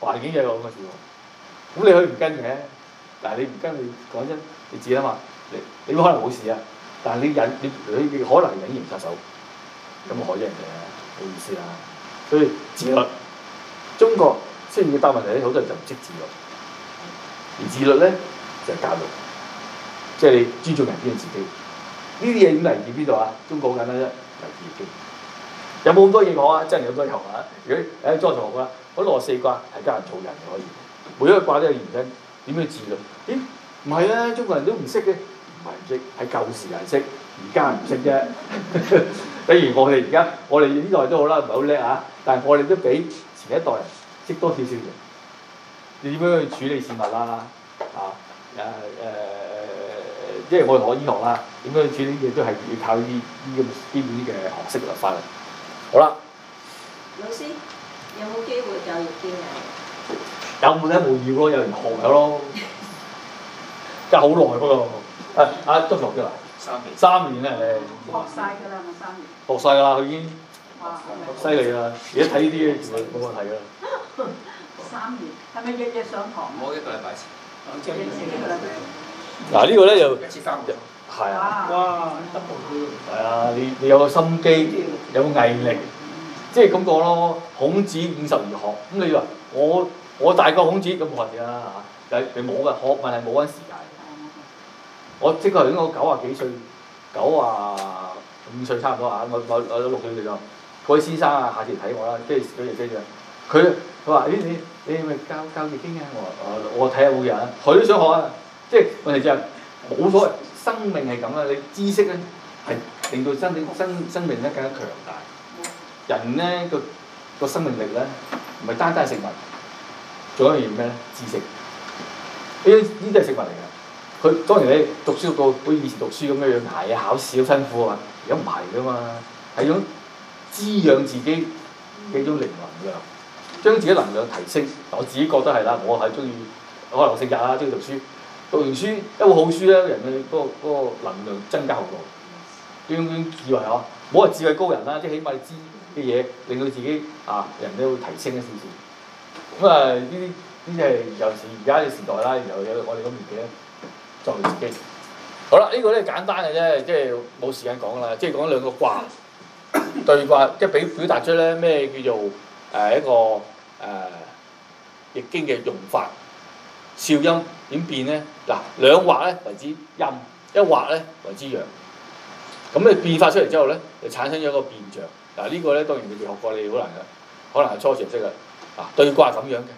環境有個咁嘅情況。咁你去唔跟嘅，但係你唔跟，你講真，你知啊嘛，你你可能冇事啊，但係你忍，你你可能隱形殺手，咁唔可以嘅，嘅意思啊。所以自律，中國雖然大問題呢，好多人就唔識自律，而自律呢，就係教育，即係你尊重人哋自己。呢啲嘢點嚟自邊度啊？中國好簡單啫，嚟自。經。有冇咁多嘢講啊？真係有好多嘢講啊！如果誒莊同學講，嗰、啊、六十四卦係得人做人就可以，每一卦都有原因。點去治咯？點？唔係啊！中國人都唔識嘅，唔係唔識，係舊時人識，識而家唔識啫。 比如我哋而家，我哋呢代都好啦，唔係好叻啊，但係我哋都比前一代識多少少嘅。你點樣去處理事物啊？啊誒、啊啊因為我哋學醫學啦，點樣處理啲嘢都係要靠呢啲咁基本嘅學識嚟翻嘅。好啦，老師有冇機會有業見啊？有冇呢？冇要咯？有人學有咯，即係好耐不過。啊啊，都學咗啦，三年，三年啦，係學曬㗎啦，咪三年。學晒㗎啦，佢已經，哇，犀利啊！而家睇呢啲嘢冇冇問題㗎啦。三年係咪日日上堂？我一個禮拜，一個禮拜。嗱呢、啊這個呢，又，係又啊，啊哇 d o 啊，你你有個心機，有毅力，即係咁講咯。孔子五十而學，咁你話我我大過孔子咁學嘅啦嚇，就係你冇嘅學，學問題冇嗰啲時間。嗯、我即係應該九啊幾歲，九啊五歲差唔多啊，我我我六歲左右。嗰位先生啊，下次嚟睇我啦，即係幾時先？佢佢話：咦你你係咪教教易經啊？我話：我睇下有冇人。佢都想學啊！即係問題就係冇所謂，生命係咁啦。你知識呢，係令到真正生生命呢更加強大。人呢個個生命力呢，唔係單單食物，仲有一樣咩呢？知識。呢啲都係食物嚟嘅。佢當然，你讀書讀到好似以前讀書咁樣樣捱啊，考試好辛苦啊，如果唔係㗎嘛，係種滋養自己幾種靈魂，將自己能量提升。我自己覺得係啦，我係中意可能性格啦，中意讀書。讀完書，一部好書咧，人嘅嗰個嗰個能量增加好多。點樣點樣智慧嚇，冇話智慧高人啦，即係起碼你知嘅嘢，令到自己啊，人都會提升一少少。咁啊，呢啲呢啲係有時而家嘅時代啦，又有我哋咁年紀咧，作為自己。好啦，呢、呢個呢簡單嘅啫，即係冇時間講啦，即係講兩個卦，對卦，即係表表達出呢咩叫做誒、呃、一個誒易、呃、經嘅用法。少陰點變呢？嗱，兩劃呢為之陰，一劃呢為之陽。咁你變化出嚟之後呢，就產生咗一個變象。嗱，呢個呢，當然你未學過你，你好難嘅，可能係初時唔識啦。嗱，對卦咁樣嘅，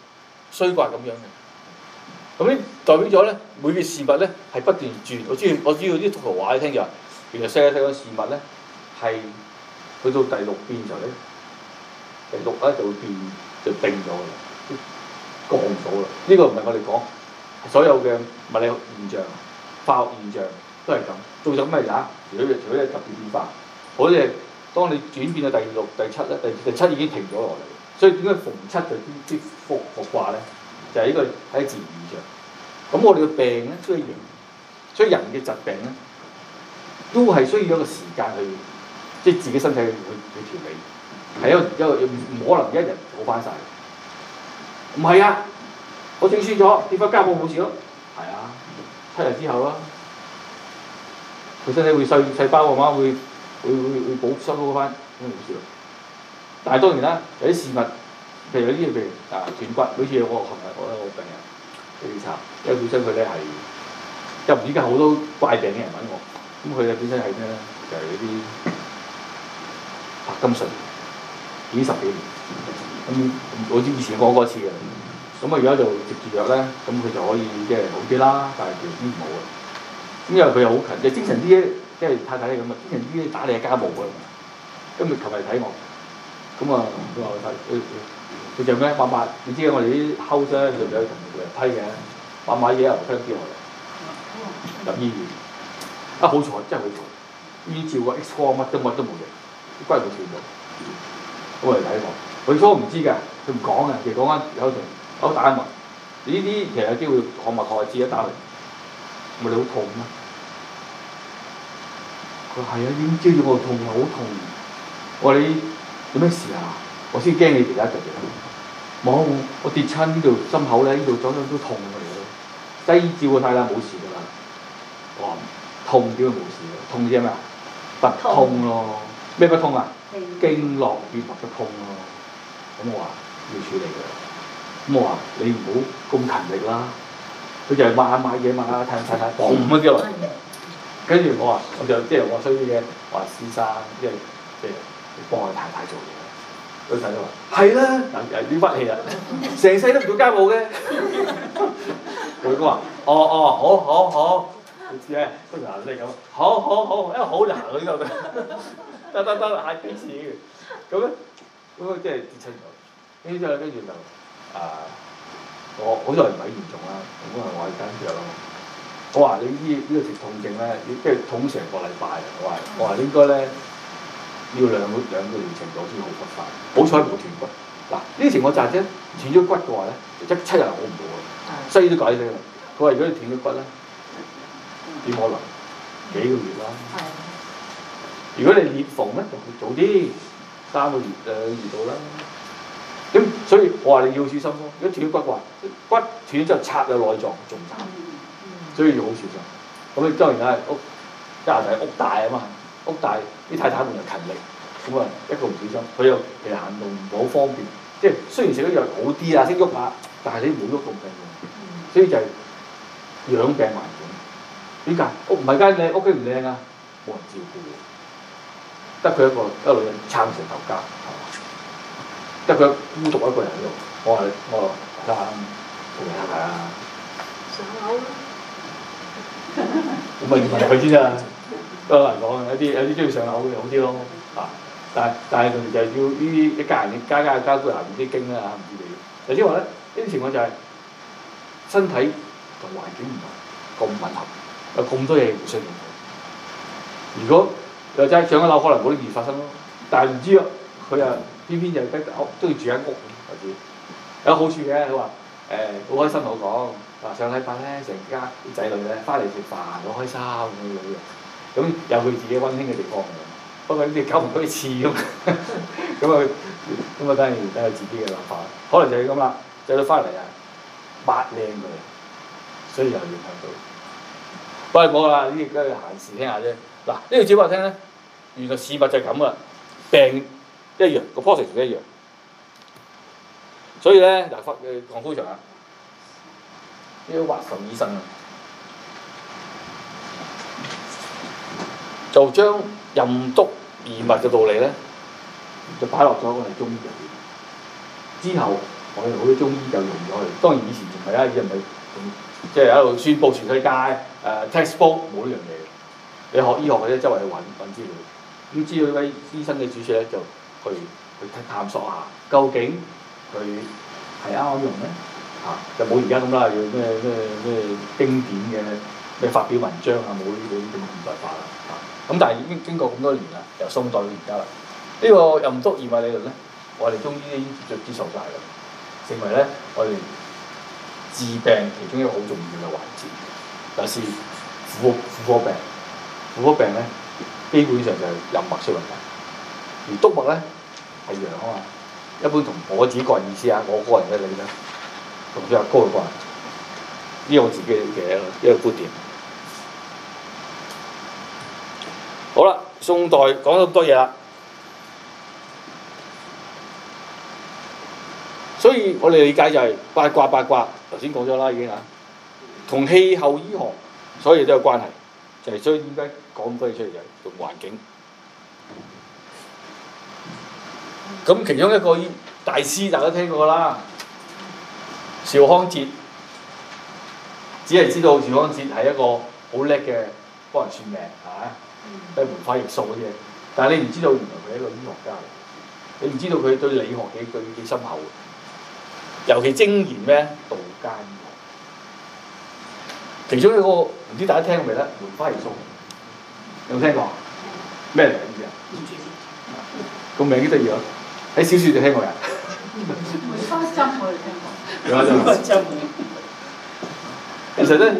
衰卦咁樣嘅。咁呢代表咗呢，每件事物呢係不斷轉。我知道我知道，我啲圖畫你聽日，原來世界上嘅事物呢，係去到第六變時候呢，第六呢就會變就定咗嘅。講唔到嘞，呢、這個唔係我哋講，所有嘅物理現象、化學現象都係咁。造成咩？咪除非除非特別變化，好似當你轉變到第六、第七咧，第七已經停咗落嚟。所以點解逢七就必啲復復卦咧？就係、是、呢個係自然現象。咁我哋嘅病呢，所以人所以人嘅疾病呢，都係需要一個時間去，即自己身體去去調理，係一一個唔可能一日好翻晒。唔係啊，我整損咗跌翻膠布冇事咯。係啊，七日之後咯，佢身體會細細胞啊嘛，會會會會補修好翻都冇事咯。但係當然啦，有啲事物，譬如有啲嘢，譬如啊斷骨，好似我琴日我我，我，我病人檢查，因為本身佢咧係，又而家好多怪病嘅人揾我，咁佢啊本身係咩咧？就係嗰啲白金術，幾十幾年。咁我以前過一次嘅，咁啊而家就食住藥呢。咁佢就可以即係好啲啦，但係完全冇啊。咁因為佢又好勤即係精神啲，即係太太咁啊，精神啲打理家務啊。咁咪求嚟睇我，咁啊佢話睇佢就咩？百萬你知我哋啲後生對唔住樓梯嘅，百萬嘢又聽見我嚟入醫院，啊好彩真係好彩醫院照個 X 光乜都乜都冇嘅，都鬼都見到，咁係第一個。佢初唔知嘅，佢唔講嘅，其實講翻有時，有打一問，呢啲其實有機會學埋台字一打嚟，咪你好痛咯？佢話係啊，朝早我痛，好痛，又好痛。我話你,你有咩事啊？我先驚你其他疾病。冇，我跌親呢度心口呢，呢度左左都痛㗎嚟嘅。西醫照㗎曬啦，冇事㗎喇，我話，痛點會冇事㗎？痛啲係咩啊？不通是咯。咩不通啊？經絡血不通咯。咁 cin stereotype 我話說 |zh| 要處理嘅，咁我話你唔好咁勤力啦，佢就係買下買嘢買下睇下睇下，嘣一叫嚟，跟住我話我就即係我衰啲嘅，我話先生即係即係幫我太太做嘢，佢細都話係啦，又拎翻嚟啦，成世都唔做家務嘅，佢老公話哦哦好好好，你知咧，都同顏色咁，好好好，一好就行到呢度嘅，得得得，係幾次嘅，咁咧。嗰個即係跌親咗，跟住咧跟住就啊、呃，我好彩唔係嚴重啦，好在我係跟著咯。我話你呢依條痛症呢，要即係痛成個禮拜。我話我話應該呢，要兩兩個月程度先好得快。好彩冇斷骨。嗱呢條我就真斷咗骨嘅話呢，一七日好唔到，所以都解釋啦。佢話如果你斷咗骨呢，點可能幾個月啦？是的 如果你裂縫呢，就早啲。三個月兩個月到啦，咁、呃，所以，我話你要小心咯。如果斷骨話，骨斷之後拆咗內臟仲慘，所以要好小心。咁你當然啦，屋家下庭屋大啊嘛，屋大啲太太們又勤力，咁啊一個唔小心，佢又其實行路唔好方便。即係雖然食咗藥好啲啊，先喐下，但係你冇喐到病㗎，所以就係養病環境。點解屋唔係間靚屋，幾唔靚啊？冇人照顧。得佢一個一個女人撐成頭家，得佢孤獨一個人喎。我話你，我話得啊，唔得係啊。上樓，我咪問佢先咋？都好難講啊，有啲有啲中意上樓會好啲咯。啊，但係但係仲就要呢啲一家人，家家家都有啲經啦唔知你。就即係話咧，呢啲情況就係身體同環境唔咁吻合，有咁多嘢互相融合。如果又真係上一樓可能冇呢事發生咯，但係唔知咯，佢又偏偏又得屋，中意住喺屋咁，或者有個好處嘅。佢話誒好開心好講，嗱上禮拜呢，成家啲仔女呢，翻嚟食飯好開心咁樣嘅，咁有佢自己溫馨嘅地方。不過呢啲狗唔可多次咁，咁佢咁啊，當然要睇佢自己嘅諗法，可能就係咁啦，仔女翻嚟啊，八靚嘅，所以又影響到。不過，講下呢啲都係閒事聽下啫。嗱呢句話聽呢，原來事物就係咁噶，病一樣，個 process 一樣，所以咧嗱，唐唐夫長啊，呢個華佗醫生啊，就將任督二脈嘅道理呢， 就擺落咗我哋中醫入邊。之後我哋好多中醫就用咗佢。當然以前仲係啊，以前唔係即係喺度宣佈全世界唉、呃、textbook 冇呢樣嘢。你學醫學嗰啲周圍去揾揾資料，咁知佢呢醫生嘅主張呢，就去去探索下究竟佢係啱用咩？嚇就冇而家咁啦，要咩咩咩經典嘅咩發表文章啊，文啊，冇呢冇冇現代化啦，嚇咁但係已經經過咁多年啦，由宋代到而家啦，呢個任督二脈嘅理論呢。我哋中醫已經接著接受晒嘅，成為呢我哋治病其中一個好重要嘅環節，尤其是婦婦科病。好多病呢，基本上就係陰脈出問題，而督脈呢，係陽啊嘛。一般同我自己個人意思啊，我個人嘅理解同比較高啲啩，呢個我自己嘅一個觀點。好啦，宋代講咗咁多嘢啦，所以我哋理解就係八卦八卦，頭先講咗啦已經啊，同氣候醫學，所以都有關係，就係所以點解？講歸出嚟就係同環境。咁其中一個大師，大家都聽過啦。邵康節，只係知道邵康節係一個好叻嘅幫人算命嚇，都係梅花易數嘅嘢。但係你唔知道原來佢係一個音樂家嚟，你唔知道佢對理學幾幾幾深厚。尤其精研咩道家音樂。其中一個唔知大家聽過未呢？梅花易數。有冇聽過咩嚟？唔知啊。個名幾得意啊，喺小説就聽過呀。梅花針我哋聽過。梅花針。 其實咧呢，誒、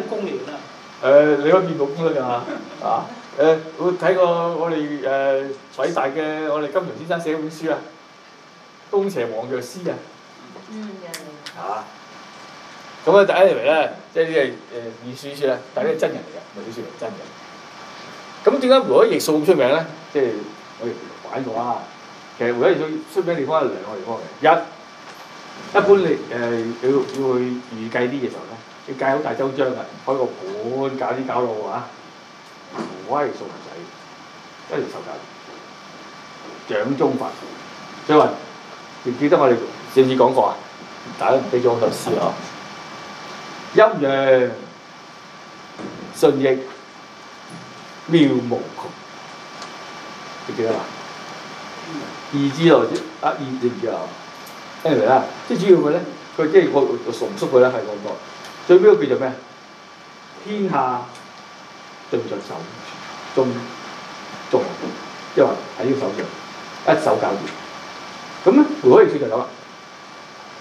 嗯、你可以見到㗎啦？嚇啊！誒我睇過我哋誒、呃、偉大嘅我哋金庸先生寫本書啊，《東邪黃藥師》啊， 嗯嗯、啊。嗯，有、嗯、咁啊，第一嚟咧，即係呢啲係誒小説書咧，但係咧真人嚟嘅，唔係小説嚟，真人。真人咁點解胡開翼數咁出名呢？即係我哋擺個話。其實胡開翼數出名地方有兩個地方嘅。一一般你誒要要去預計啲嘅時候呢，要計好大周章嘅，開個盤搞啲搞路啊。胡開翼數唔使，一條手仔，掌中法。張雲，記唔記得我哋上次講過啊？大家唔記得好想思啊！陰陽順逆。信妙無窮，你記得嘛？易志來之，啊，易字唔記啊？聽明未？即主要佢呢，佢即係佢，佢重佢咧係漢代，最尾個叫做咩啊？天下盡在手，仲中即係話喺呢個手上，一手搞掂。咁呢，胡可一轉就走啦。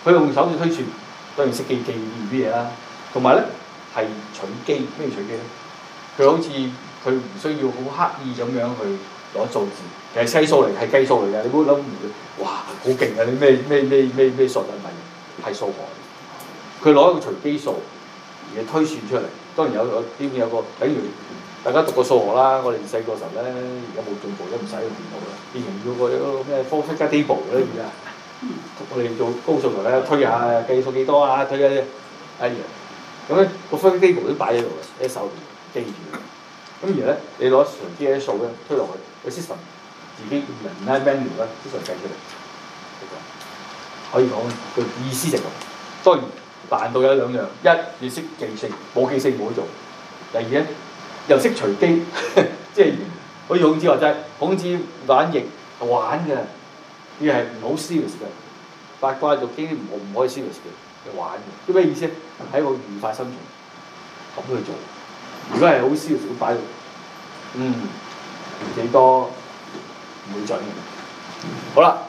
佢用手指推算，當然識記記啲嘢啦。同埋呢，係取機，咩取機呢？佢好似～佢唔需要好刻意咁樣去攞數字，係計數嚟，係計數嚟噶。你估諗唔到，哇，好勁噶！你咩咩咩咩咩數學係數學，佢攞一個隨機數嘢推算出嚟。當然有有啲有個，比如大家讀過數學啦，我哋細個時候呢，而家冇進步，都唔使用電腦啦，變成要個咩 formula table 咧而家，我哋做高數學咧，推下計數幾多啊，推下一樣。咁、哎、呢、呢個 formula table 都擺喺度嘅，一手記住。咁而咧，你攞隨機啲數咧推落去 a s s i 自己人咧 manual 咧計出嚟，可以講佢意思值。當然難度有兩樣，一你識記性，冇記性冇得做；第二咧又識隨機， 即係好似孔子話齋，孔子玩易係玩嘅，啲嘢係唔好 serious 嘅，八卦、六經唔唔可以 serious 嘅，係玩嘅。知咩意思呢？係一個愉快心情，咁去做。如果係好舒服擺，嗯，幾多唔會准。用。好啦，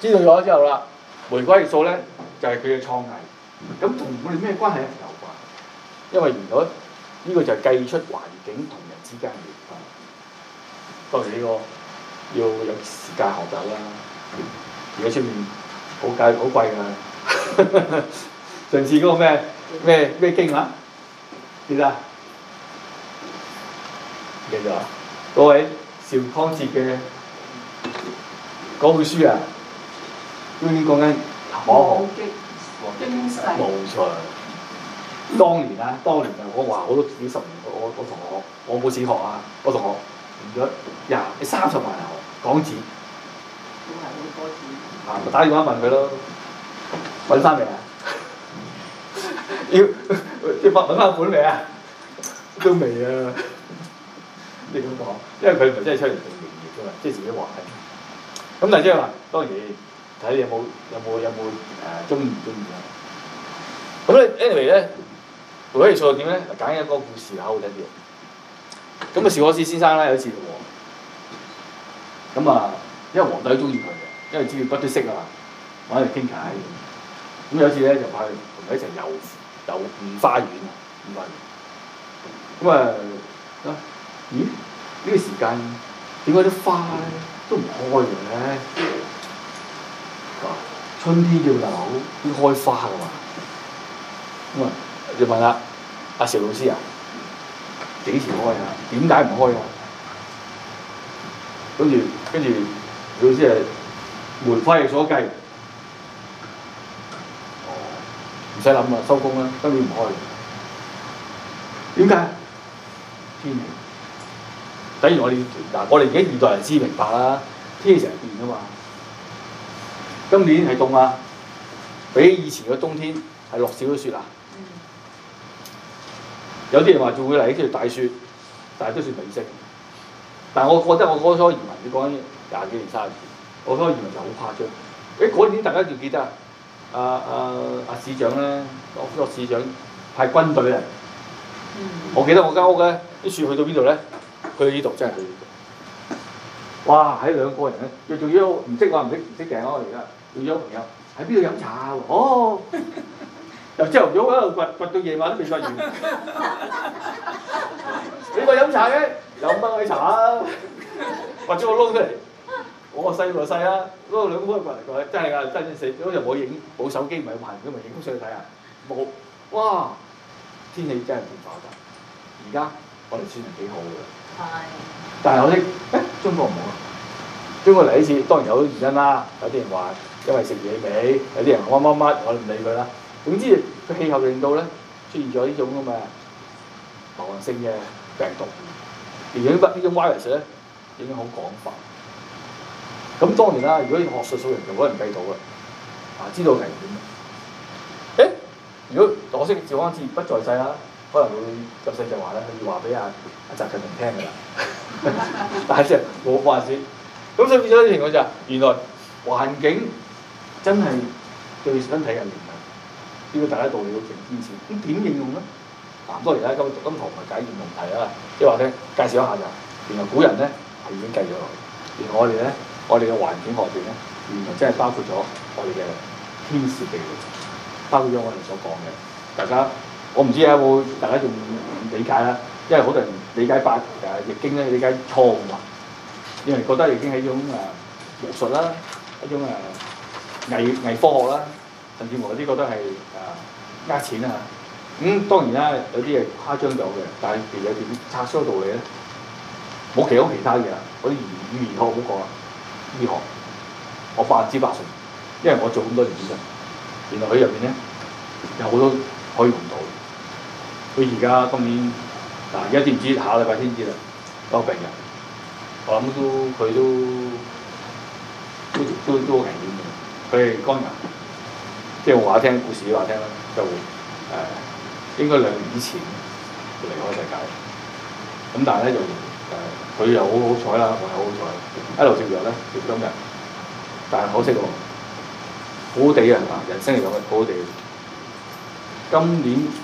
知道咗之後啦，玫瑰數呢，就係佢嘅創意。咁同我哋咩關係啊？有關，因為如果，呢、這個就係計出環境同人之間嘅聯繫。當然呢個要有時間學習啦。如果出面好計好貴㗎。貴 上次嗰個咩咩咩經啊？邊個？記得啊！各位，邵康節嘅嗰本書啊，都講緊投行，無錯。無畏當年啊，當年就我話我都幾十年，我我我同學，我冇錢學啊，我同學唔咗廿三十萬港啊，港紙。啊！打電話問佢咯，揾翻未啊？要要發揾翻本未啊？ 都未沒啊有！ 即係咁講，因為佢唔係真係出嚟做營業嘅，即係自己玩。咁但係即係話，當然睇有冇有冇有冇誒中意唔中意啦。咁呢 anyway 呢，如果唔錯點咧，揀一個故事啦，好緊要。咁、嗯、啊，史可斯先生呢，有一次喎，咁啊，因為皇帝好中意佢嘅，因為主要嗰啲識啊，嘛，揾佢傾偈。咁有一次呢，就派佢同佢一齊遊遊御花園，咁啊，啊，咦、嗯？呢個時間點解啲花咧都唔開嘅？春天叫大佬，應開花嘅嘛。咁、嗯、啊，就問下阿、啊、邵老師啊，幾時開啊？點解唔開啊？跟住跟住，老師係沒花所計，唔使諗啊，收工啦，今年唔開。點解？天氣。例如我哋，嗱，我哋而家二代人知明白啦。天氣成日變啊嘛，今年係凍啊，比起以前嘅冬天係落少少雪啊。嗯、有啲人話仲會嚟啲大雪，但係都算美式。但係我覺得我嗰初移民，你講廿幾年、三十年，我嗰初移民就好誇張。誒、欸、嗰年大家要記得，阿阿阿市長呢？落市長派軍隊嚟。嗯、我記得我間屋咧，啲雪去到邊度呢？佢呢度真係佢。哇！喺兩個人呢，佢仲要唔識話唔識唔識訂咯，而家，仲約朋友喺邊度飲茶啊？哦，由朝頭早喺度掘掘到夜晚都未掘完。 你話飲茶嘅，又乜鬼茶啊，掘咗個窿出嚟，我個細路細啊，攞兩公分掘嚟講，真係㗎，真係死！嗰陣冇影，冇手機唔係環境都唔係影出嚟睇下，冇。哇！天氣真係變化大，而家我哋算係幾好㗎。但係可惜，中國唔好啊！中國嚟呢次當然有原因啦，有啲人話因為食野味，有啲人話乜乜乜，我哋唔理佢啦。總之佢氣候令到呢出現咗呢種咁嘅流行性嘅病毒，而影不呢種 Y virus 咧，已經好廣泛。咁當然啦，如果學術數人就冇人計到啊！啊，知道危險。誒，如果可惜趙康志不在世啦。可能佢入世就話呢，佢要話俾阿阿習近平聽㗎啦。但係即冇我話事，咁所以變咗啲情況就係，原來環境真係對身體有影響，呢、這個大家道理要認真接。咁點形容呢？嗱、啊，難多而家咁讀金圖咪解決問題啊！即係話咧，介紹一下就原來古人呢係已經計咗落去，原來我哋呢，我哋嘅環境學邊呢，原來真係包括咗我哋嘅天時地利，包括咗我哋所講嘅大家。我唔知啊，會大家仲理解啦，因為好多人理解法誒易經呢，理解錯誤啊，因為覺得易經係一種誒巫術啦，一種誒偽偽科學啦，甚至乎有啲覺得係誒呃錢啊。咁、嗯、當然啦，有啲係誇張咗嘅，但係其實有啲拆穿道理呢。冇其他其他嘢，我啲語語言學唔好講啊，醫學我百分之百信，因為我做咁多年嘅，原來佢入面呢，有好多可以用到。佢而家今年嗱，而家點知下禮拜先知啦，當病人。我諗都佢都都都都好危險㗎，佢係肝癌，即係話聽故事話聽啦，就誒、呃、應該兩年以前離開世界，咁但係呢，就，誒佢又好好彩啦，我係好好彩，一路食藥呢，食到今日，但係可惜喎，好地啊人生嚟講嘅好地，今年。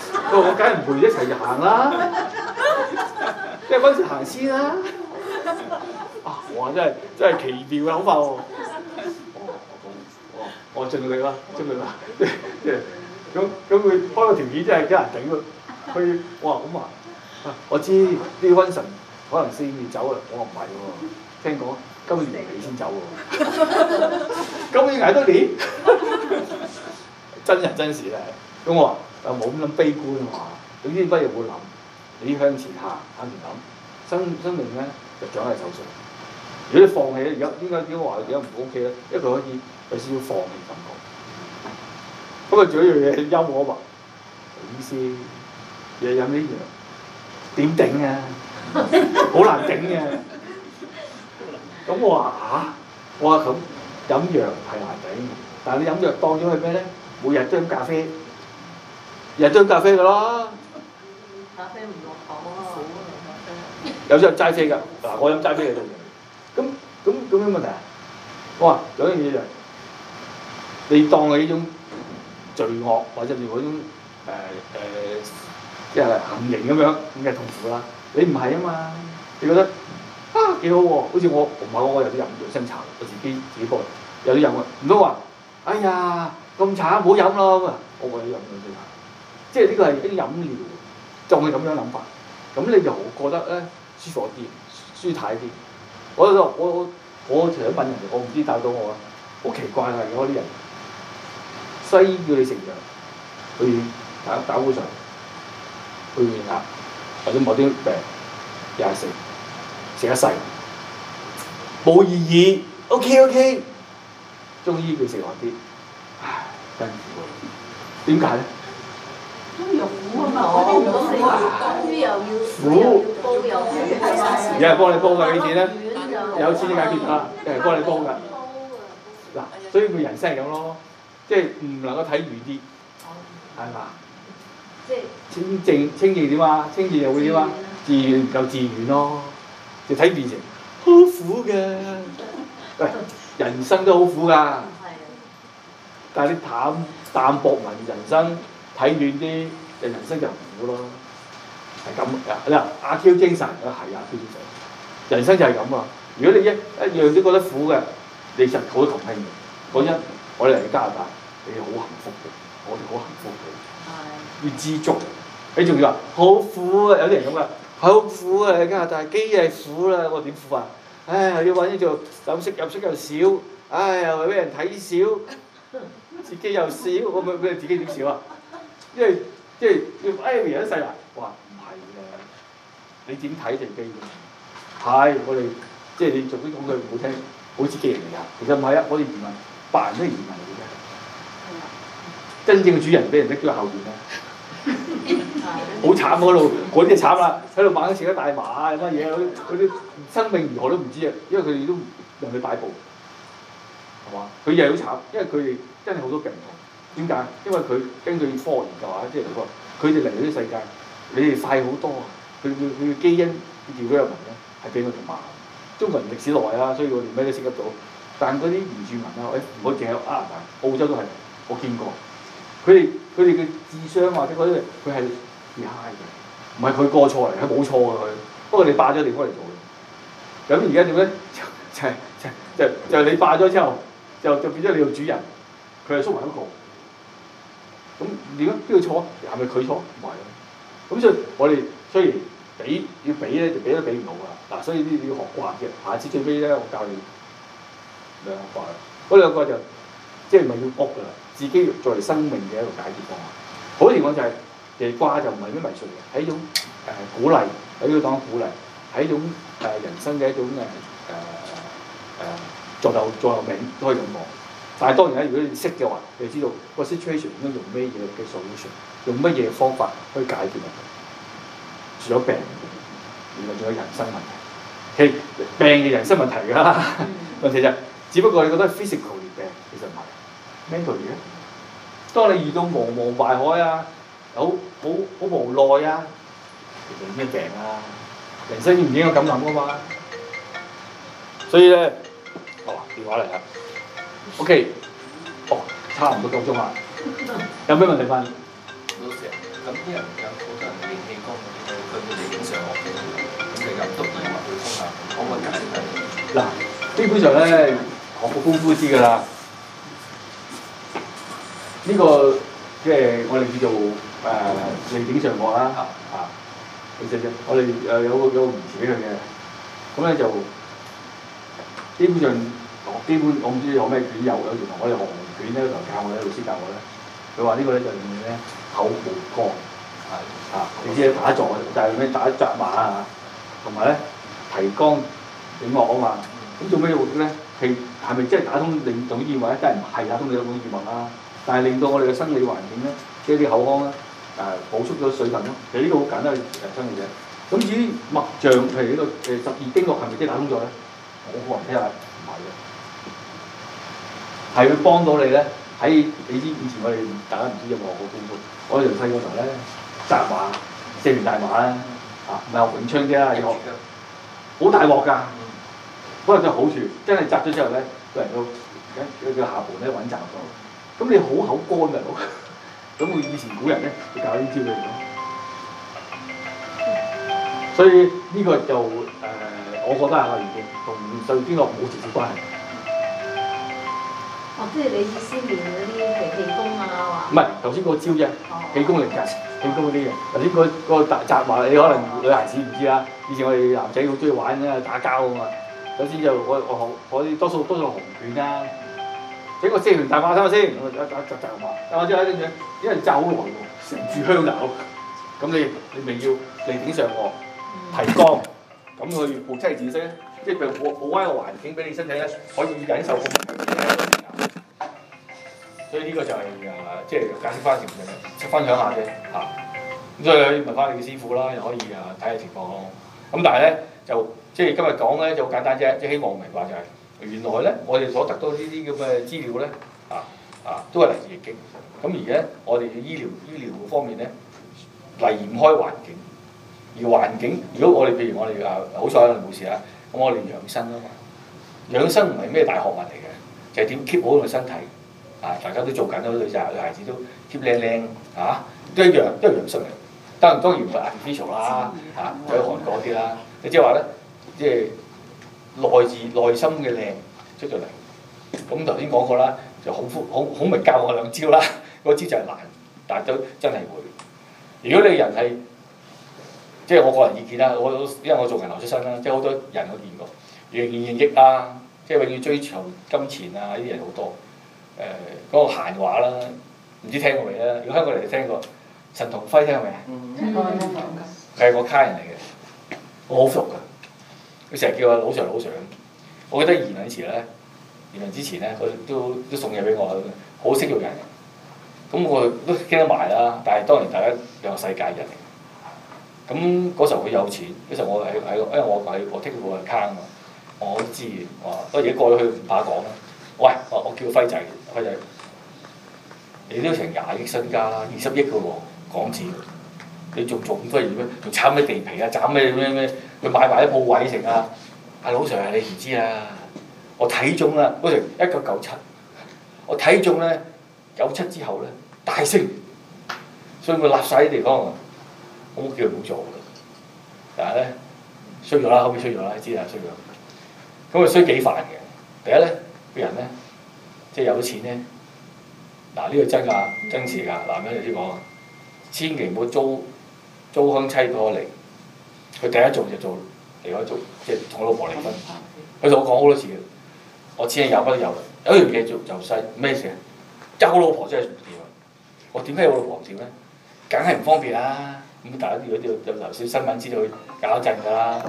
我梗係唔陪你一齊行啦，即係温神行先啦。我、啊、哇！真係真係奇妙啊，好快喎，哦哦！我我盡力啦，盡力啦。即即係咁咁，佢開個條件真係幾難頂咯。佢哇咁啊！我知啲温神可能四月走啊，我唔係喎。聽講今年尾先走喎。今年捱到年，真人真事咧。咁我。就冇咁悲觀啊嘛，總之不如會諗，你向前行，向前諗，生生命呢就掌握喺手上。如果你放棄咧，而家點解點話而家唔 OK 咧？因為佢可以有少少放棄感覺。咁啊，仲有一樣嘢飲我嘛？點先？又飲啲藥？點頂啊？好 難頂嘅，啊。咁我話嚇、啊，我話飲飲藥係難頂，但係你飲藥當咗係咩呢？每日斟咖啡。日飲咖啡噶咯，咖啡唔落口，有時又齋啡噶，嗱我飲齋啡嘅，咁咁咁咩問題啊？我話有樣嘢就係你當你呢種罪惡或者你嗰種誒誒即係行刑咁樣咁係痛苦啦。你唔係啊嘛，你覺得啊幾好喎、啊？好似我同埋我有啲飲養生茶，我自己自己煲，有啲飲啊。唔通話哎呀咁茶唔好飲啦咁啊！我咪要飲養生茶。嗯即係呢個係一啲飲料，就係、是、咁樣諗法。咁你又覺得呢舒服啲、舒坦啲？我我我我成日問人哋，我唔知答到我啊！好奇怪啊！而家啲人西醫叫你食藥去打打補償，去緩壓或者某啲病，又係食食一世，冇意義。 OK OK，中醫叫你食涼啲，唉，真點解呢？啊、都苦啊嘛，苦啊為！有人幫你煲㗎幾錢呢？有錢就解決得嘞，有人幫你煲㗎。嗱，所以佢人生係咁咯，即係唔能夠睇遠啲，係嘛？即係清靜清靜點啊？清靜又會點啊？自願就自願咯，就睇變成，好苦㗎！喂，人生都好苦㗎，但係啲淡淡薄文人生。睇遠啲，人生就唔苦咯，係咁嗱，阿 Q 精神啊，係阿 Q 精神，人生就係咁啊！如果你一一樣都覺得苦嘅，你實好冇襟慶嘅。我一我嚟加拿大，你好幸福嘅，我哋好幸福嘅。要知足，你仲要話好苦啊！有啲人咁啊。好苦啊！喺加拿大，幾嘢苦啊。」我點苦啊？唉，要搵嘢做，飲食飲食又少，唉，又俾人睇少，自己又少，我咪俾自己點少啊？因為即係即係你誒人一世我話，唔係嘅，你點睇自己嘅？係、哎、我哋即係你做啲講句唔好聽，好似寄人籬下。其實唔係啊，我哋移民白人都移民嘅啫。真正主人俾人逼咗後邊咧，好慘嗰度，嗰啲就慘啦，喺度猛咁食大麻啊，乜嘢嗰啲嗰啲生命如何都唔知啊，因為佢哋都唔任佢擺佈，係嘛？佢又好慘，因為佢哋真係好多病痛。點解？因為佢根據科學研究啊，即係佢話佢哋嚟到呢個世界，你哋快好多啊！佢佢佢嘅基因佢調咗入嚟呢，係比我哋慢。中國人歷史耐啊，所以我哋咩都識得到。但係嗰啲原住民啊，誒、哎，我住喺亞洲、澳洲都係，我見過。佢哋佢哋嘅智商或者嗰啲，佢係好 high 嘅。唔係佢過錯嚟，係冇錯嘅佢。不過你霸咗地方嚟做啦。咁而家點呢？就係、就係、就係、就係、你霸咗之後，就就變咗你做主人，佢係縮埋一個。咁點、嗯、啊？邊個錯啊？係咪佢錯？唔係啊！咁所以我哋雖然俾要俾呢就俾都俾唔到噶啦。嗱、啊，所以呢啲要學慣嘅。下次最尾呢，我教你，你兩個，嗰兩個就即係咪要搏噶自己作為生命嘅一個解決方法。好嘅講就係其實卦就唔係咩迷信嘅，係一種誒、呃、鼓勵，係一種鼓勵，係一種誒、呃、人生嘅一種誒誒座右座右銘都可以咁講。但係當然啦，如果你識嘅話，你就知道個 situation 應該用咩嘢嘅 solution，用乜嘢方法去解決問題啊？除咗病，原來仲有人生問題。其病嘅人生問題㗎、啊、啦，問題就只不過你覺得 physical 嘅病其實唔係，mental 嘅，當你遇到茫茫大海啊，好好好無奈啊，其實咩病啊？人生唔應該咁諗㗎嘛。所以呢，哦，電話嚟啊！O K，哦，okay. oh, 差唔多夠鐘啦，有咩問題問？老師啊，咁啲人有好多人零點上課，咁你又督唔埋佢工啊？講個解釋啦。嗱，基本上呢，學過功夫知㗎啦。呢個即係我哋叫做誒零點上課啦，嚇，你知唔知？我哋誒有有唔少嘅，咁呢就基本上。我基本我唔知有咩理由，嘅，原來我哋學卷呢，就教我咧，老師教我呢。佢話呢個呢，就係用咩口部幹，係啊，你知打坐就係用咩打紮馬啊，同埋呢提肛頂鵲啊嘛，咁做咩用咧？係係咪真係打通任督二脈咧？即係唔係打通任督二脈啊？但係令到我哋嘅生理環境呢，即係啲口腔呢、啊，誒、啊、補充咗水分咯、啊。其實呢個好簡單嘅人生嘅嘢，咁至於脈象譬如呢、這個、呃、十二經絡係咪真係打通咗呢？我個人睇法唔係嘅。係會幫到你呢。喺你以前我哋大家唔知有冇學過功夫，我哋度細個時候呢，紮馬四面大馬啦，嚇、啊，唔係我永春啫，係學嘅，好大鑊㗎，嗯、不過就好處，真係紮咗之後呢，個人都而家佢叫下盤呢，穩陣多，咁你好口乾㗎喎，咁、啊、以前古人呢，就教呢招畀你咁，所以呢個就誒、呃、我覺得係個意見，同邵邊個冇直接關係。即係你意思練嗰啲係氣功啊？唔係，頭先個招啫，氣功嚟㗎，氣功嗰啲嘢。頭先個個大雜話，你可能女孩子唔知啊。以前我哋男仔好中意玩啊，打交啊嘛。首先就我我學可以多數多數紅拳啦，整個四拳大馬睇下先，我打打雜雜話。大家注意，因為罩好濃喎，成柱香油。咁你你咪要嚟頂上喎，提肛，咁去 撥出啲紫色。即係譬如好好嘅環境俾你身體呢，可以忍受嗰個壓力，所以呢個就係、是、啊，即係解釋翻啲嘅，分享下啫嚇。咁所以可以問翻你嘅師傅啦，又可以啊睇下情況咯。咁但係呢，就即係今日講呢，就好簡單啫，即係希望明白，就係、是、原來呢，我哋所得到呢啲咁嘅資料呢，啊啊，都係嚟自易經。咁而家我哋嘅醫療醫療方面呢，離唔開環境，而環境如果我哋譬如我哋啊，好彩冇事啊。咁我哋養生啊嘛，養生唔係咩大學問嚟嘅，就係點 keep 好個身體，啊，大家都做緊咯，女仔、女孩子都 keep 靚靚，嚇、啊，都一樣，都係養生嚟。但係當然唔係 natural 啦，嚇、啊，喺啲韓國啲啦。你即係話咧，即係內自內心嘅靚出咗嚟。咁頭先講過啦，就好歡好好咪教我兩招啦，嗰招就係難，但係都真係會。如果你人係，即係我個人意見啦，我因為我做銀行出身啦，即係好多人我見過，永遠貪慾啊，即係永遠追求金錢啊，呢啲人好多。誒、呃，嗰個閒話啦，唔知聽過未咧？如果香港人聽過，陳同輝聽過未啊？嗯，聽過啦，佢係個卡人嚟嘅，ir, ir, 我好熟㗎。佢成日叫阿老 sir 老 sir 咁，我記得移民嗰時咧，移民之前咧，佢都都送嘢俾我，佢好識做人嘅。咁我都傾得埋啦，但係當然大家兩個世界人。咁嗰時候佢有錢，嗰時候我喺喺，因為我係我 take 我個 card 嘛，我知嘅，我都而家過咗去唔怕講啦。喂，我，我叫個輝仔，輝仔，你都成廿億身家啦，二十億嘅喎港紙，你仲做咁多嘢咩？仲炒咩地皮啊？炒咩咩咩？佢買埋啲鋪位成啊，阿老 Sir 你唔知啦，我睇中啦，嗰時一九九七，我睇中咧九七之後咧大升，所以佢納晒啲地方啊。我屋企冇做嘅，但係呢衰咗啦，後邊衰咗啦，知啦衰咗。咁啊衰幾煩嘅。第一呢，個人呢，即係有咗錢呢，嗱、這、呢個真㗎，真事㗎。男人頭先講啊，千祈唔好租租空妻過嚟。佢第一做就做離咗，做即係同我老婆離婚。佢同、嗯嗯嗯、我講好多次，我千祈有乜都有。有樣嘢做就衰咩事啊？爭老婆先係事啊！我點解要老婆掂呢？梗係唔方便啊！咁大家如果有有頭先新聞資料去搞震㗎啦，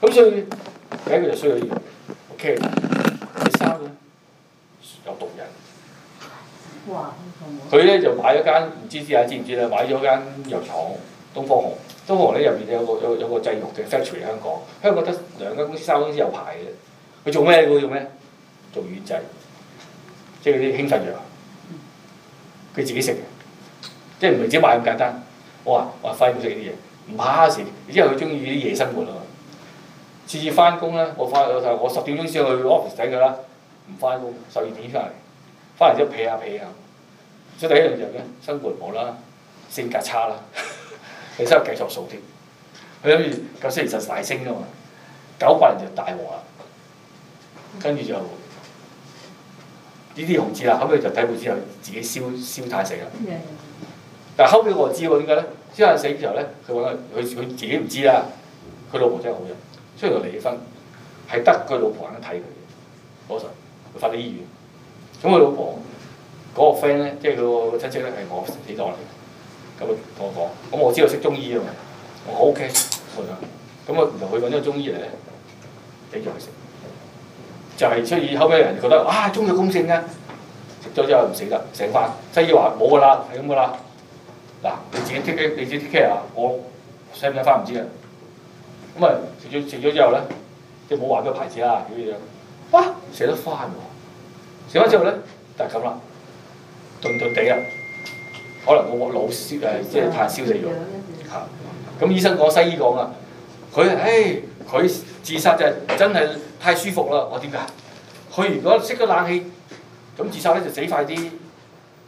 咁所以第一個就需要屋企人 OK，第三呢有毒癮，佢、啊、呢就買咗間唔知知啊知唔知呢買咗間藥廠東方紅，東方紅呢入面有個有有個製藥嘅 factory 香港，香港得兩間公司、三間公司有牌嘅，佢做咩嘅？佢做咩？做乳製，即係嗰啲興奮藥，佢自己食嘅，即係唔係只買咁簡單？我話我快啲唔食呢啲嘢，唔、哦、怕蝦時，因為佢中意啲夜生活啊嘛。次次翻工呢，我翻老細，我十點鐘先去 office 等佢啦，唔翻工十二點翻嚟，翻嚟之後皮下皮下。所以第一樣就係、是、咩？生活無啦，性格差啦， 其實繼續數添。佢諗住九七年實大升㗎嘛，九八年就大鑊啦，跟住就呢啲紅字啦，可可後尾就睇報之後自己燒燒炭食啦。嗱後尾我知喎，點解咧？即係死嘅時候呢，佢揾佢佢自己唔知啦。佢老婆真係好人，雖然離婚，係得佢老婆肯睇佢嘅，嗰陣佢翻到醫院，咁佢老婆嗰個 friend 呢，即係佢個親戚呢，係我死黨嚟嘅。咁啊同我講，咁我知道我識中醫啊嘛。我 OK，咁啊，然後佢揾咗中醫嚟咧，俾住佢食。就係出於後尾。人覺得啊，中藥公正嘅，食咗之後唔死㗎，醒返西醫話冇㗎啦，係咁㗎啦。就是嗱，你自己 take care，你自己 take care 啊，我使唔使翻唔知啊。咁啊，食咗食咗之後呢，即係冇話咩牌子啦，咁啲嘢。哇，食得翻喎，食翻之後呢，就係咁啦，鈍鈍地啊，可能我我老師誒即係太燒死咗。咁醫生講，西醫講啊，佢唉，佢、哎、自，自殺就真係太舒服啦。我點解？佢如果熄咗冷氣，咁自殺呢，就死快啲。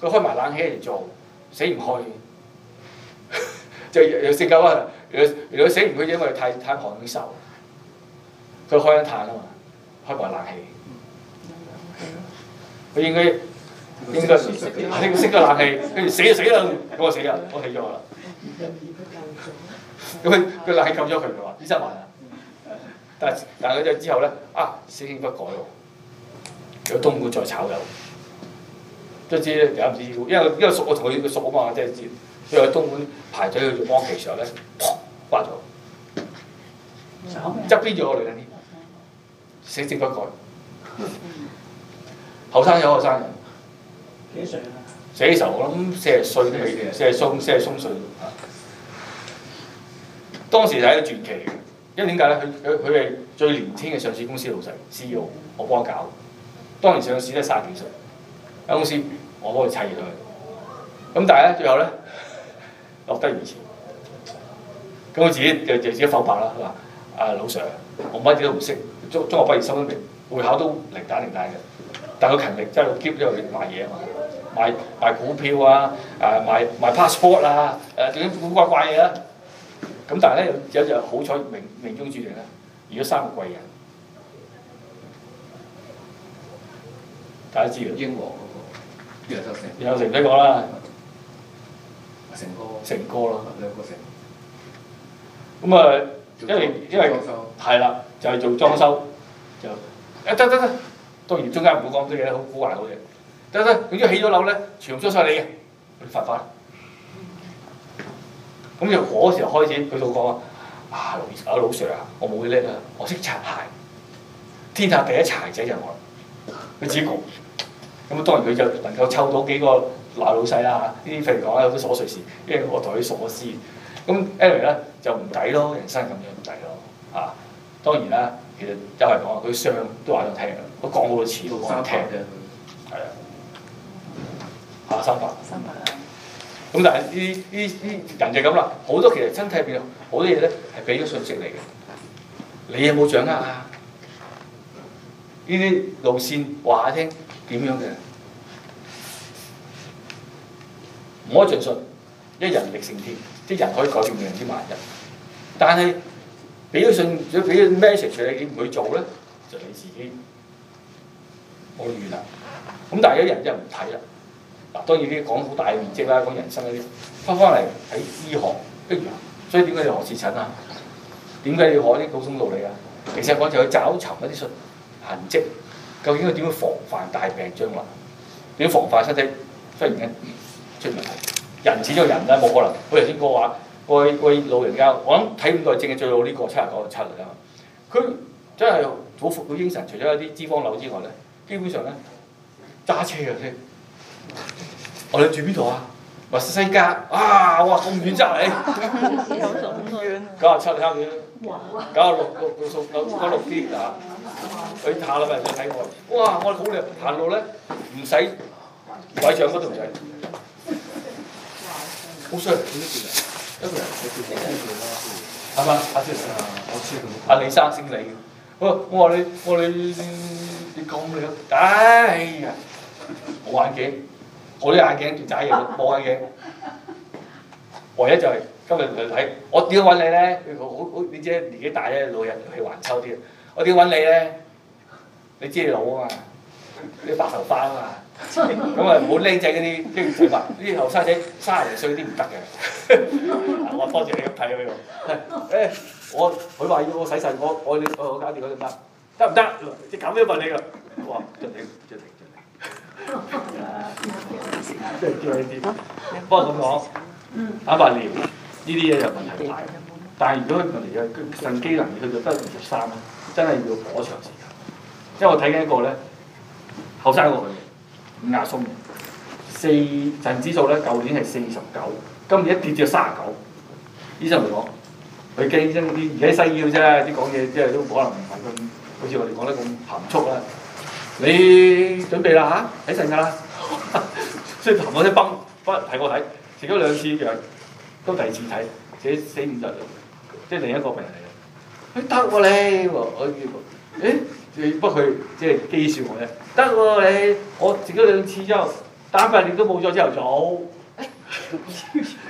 佢開埋冷氣嚟做，死唔去。即就又死鳩啦！如果死唔去，因為太太寒，熱受。佢開緊炭啊嘛，開埋冷氣。佢應該應該熄咗、啊、冷氣，跟住死就死啦，咁我死啊！我死咗啦！咁佢佢冷氣冚咗佢，佢話醫生話啊。但係但係佢就之後呢，啊，死性不改喎，又東莞再炒油。都知啊，又唔知，因為因為熟，我同佢熟啊嘛，即係知。又喺東莞排隊去做幫期，時候咧，砰，掛咗。側、嗯、邊仲有個女人，死性不改後生有後生人。幾乎歲啊？死嗰時候我諗四廿歲未定，四廿鬆四廿鬆歲，歲，歲。當時係一個傳奇，因為點解呢？佢佢佢係最年輕嘅上市公司老細，CEO，我幫佢搞。當年上市都三廿幾歲，間公司我幫佢砌咗佢。咁但係呢，最後呢。落低如錢，咁佢自己就就自己剖白啦，係嘛？啊老 Sir，我乜嘢都唔識，中中學畢業生，都會考都零打零打嘅，但佢勤力，真係 keep 咗去賣嘢啊嘛賣，賣股票啊，誒賣賣 passport 啊，誒啲古怪怪嘢啊，咁、啊啊、但係呢，有有隻好彩命中注定啊。遇咗三個貴人，第一資源英皇嗰、那個楊受成，楊受成唔使講啦。成哥成哥咯，兩個成。咁啊，因為因為係啦，就係做裝修。就，誒得得得，當然中間唔好講咁多嘢啦，好古怪嘅嘢。得得，佢一起咗樓呢，全部裝修你嘅，你發發。咁由嗰時候開始，佢就講啊，老 Sir 啊，我冇佢叻啊，我識擦鞋，天下第一擦鞋仔就我。佢自己講。咁啊，當然佢就能夠湊到幾個。鬧老細啦呢啲譬如講咧有啲瑣碎事，因為我同佢所思。咁 Eddie 咧就唔抵咯，人生咁樣唔抵咯嚇。當然啦，其實有人講啊，佢相都話咗聽啦，我講好多次都冇人聽啫。係百啊，三百。咁百但係呢呢呢人就咁啦，好多其實身體入邊好多嘢呢係俾咗信息你嘅。你有冇掌握啊？呢啲路線話你聽點樣嘅？唔可以盡信，因為人力勝天，啲人可以改變命運之萬一。但係俾啲信，如果俾啲 message 你，你唔去做呢，就你自己冇緣啦。咁、啊、但係有人就唔睇嘞。嗱，當然啲講好大面積啦，講人生嗰啲，翻返嚟喺醫學不如，所以點解要學視診啊？點解要學啲普通道理啊？其實講就係找尋一啲術痕跡，究竟佢點樣防範大病將來？點樣防範身體忽然間？出問題，人始終人啦，冇可能。我頭先講話，個個老人家，我諗睇五代正嘅最老呢個七廿九廿七嚟啦。佢真係好闊好精神，除咗有啲脂肪瘤之外呢，基本上呢揸車嘅先。我哋住邊度啊？墨西哥啊！哇！哇咁遠揸嚟，九廿七，九廿七，九廿六，九九九廿六啲啊！佢下禮拜去睇我，哇！我好叻，行路咧唔使拐杖嗰度唔使。好衰，一個人，一個人，一個人啦，係嘛？阿先生，我知，阿李生姓李。嘅。我我話你，我話你，你咁你，唉、哎，呀，冇眼鏡，我啲眼鏡，跌仔嘢，冇眼鏡。唯一就係今日嚟睇，我點揾你咧？好好，你知，年紀大咧，老人去橫秋添，我點揾你呢？你知，老你，你，知你老啊嘛，你白頭髮啊嘛。咁啊，唔好僆仔嗰啲啲洗髮，呢啲後生仔卅零歲嗰啲唔得嘅。嗱， 我多謝你咁睇嗰樣。誒一、欸，我佢話要我洗腎，我我我我解決佢得，得唔得？即咁樣問你㗎。我話，盡一力，盡、嗯、力，盡力。即係呢啲，不過咁講，坦白聊，呢啲嘢有問題。但係如果佢嚟嘅腎機能，佢就得二十三，真係要好長時間。因為我睇緊一個呢，後生嗰個。壓鬆，四陣指數呢，舊年係四十九，今年一跌至三十九。醫生嚟講，佢驚啲啲而家西醫啫，啲講嘢即係都可能唔係咁，好似我哋講得咁含蓄啦。你準備啦嚇，睇陣㗎啦， 所以我先崩，不嚟睇過睇，食咗兩次藥，都第二次睇，死死五日，即係另一個病人嚟嘅。哎，得、啊、我嚟喎，哎，誒。你不去，即係譏笑我呢。得喎、啊、你，我食咗兩次之後，蛋白尿都冇咗之後，早、哎，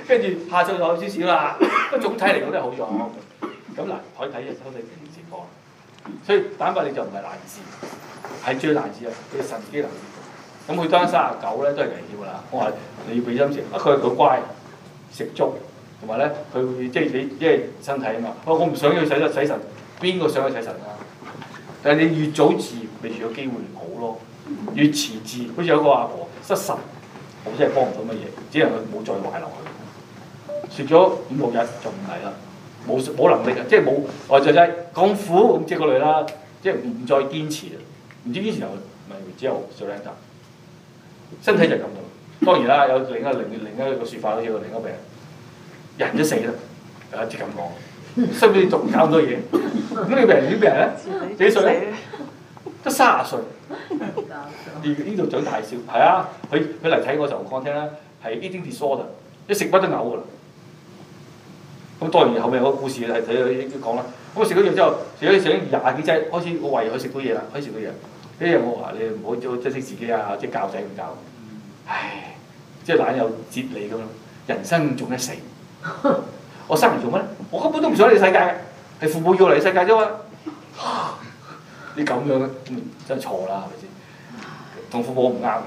跟住下晝就好少少啦。不過總體嚟講都係好咗。咁、嗯、嗱，可以睇嘅抽血嘅情況。所以蛋白尿就唔係難治，係最難治 39, 啊！佢嘅腎機能，咁佢當三十九呢都係危險啦。我話你要俾心機，佢係好乖，食粥。同埋呢，佢會即係你即係身體啊嘛。我唔想佢洗得洗腎，邊個想佢洗腎啊？但係你越早治，你仲有機會越好咯。越遲治，好似有個阿婆失神，好似係幫唔到乜嘢，只能夠冇再壞落去。説咗五六日就唔嚟啦，冇冇能力啊，即係冇外在即係講苦即係嗰類啦，即係唔再堅持啦。唔知堅持到咪只有死啦。有身體就係咁咯。當然啦，有另一另一另一個説法，好似另一個病，人一死啦，就一直咁講。使唔使搞咁多嘢？咁你病人點病人咧？幾歲咧？得三廿歲。呢度長大少，係啊！佢佢嚟睇我時候講我聽咧，係啲 eating disorder 嘅，一食乜都嘔嘅啦。咁當然後尾個故事係睇佢佢講啦。咁食咗藥之後，食咗食咗廿幾劑，開始我胃可以食到嘢啦，開始食到嘢。啲人我話你唔好都珍惜自己啊，即教仔唔教。唉，即係懶有哲理咁，人生仲一死。我生嚟做乜咧？我根本都唔想嚟世界嘅，係父母要嚟世界啫嘛。你咁樣咧，嗯，真係錯啦，係咪先？同父母唔啱。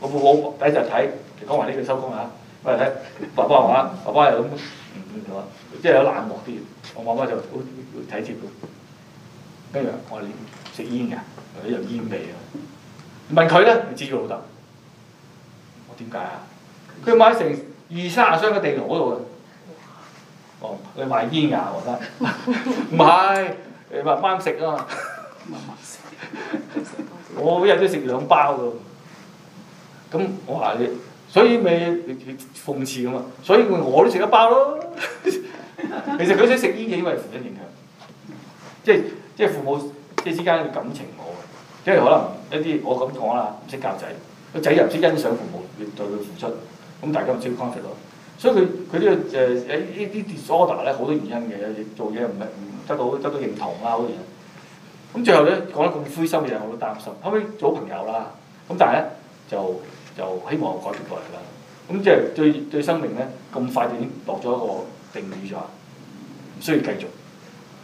我父母第一就睇，講埋呢句收工嚇。翻嚟睇，爸爸話：，爸爸又咁，嗯，就即係有冷漠啲。我媽媽就好體貼咯。跟住我話你食煙㗎，有啲油煙味啊。問佢呢，佢，知佢老豆。我點解啊？佢買成二三啊箱嘅地爐嗰度啊。哦，oh, 你賣煙啊？我 得，唔係，你慢慢食啊，嘛， 我一日都食兩包㗎，咁我話你，所以咪，咪諷刺㗎嘛，所以我都食一包咯， 其實佢想食煙嘅，因為父親影響，即係即係父母即係之間嘅感情冇啊，即可能一啲我咁講啦，唔識教仔，個仔又唔識欣賞父母對佢付出，咁大家唔知，乾涸咯。所以佢佢、這個就是、呢個誒誒呢啲 disorder 咧，好多原因嘅，做嘢唔係唔得到得到認同啊，好似咁最後呢，講得咁灰心嘅嘢我都擔心。後尾做好朋友啦，咁但係呢，就就希望我改變過嚟啦。咁即係對對生命呢，咁快就已經落咗一個定義咗，唔需要繼續。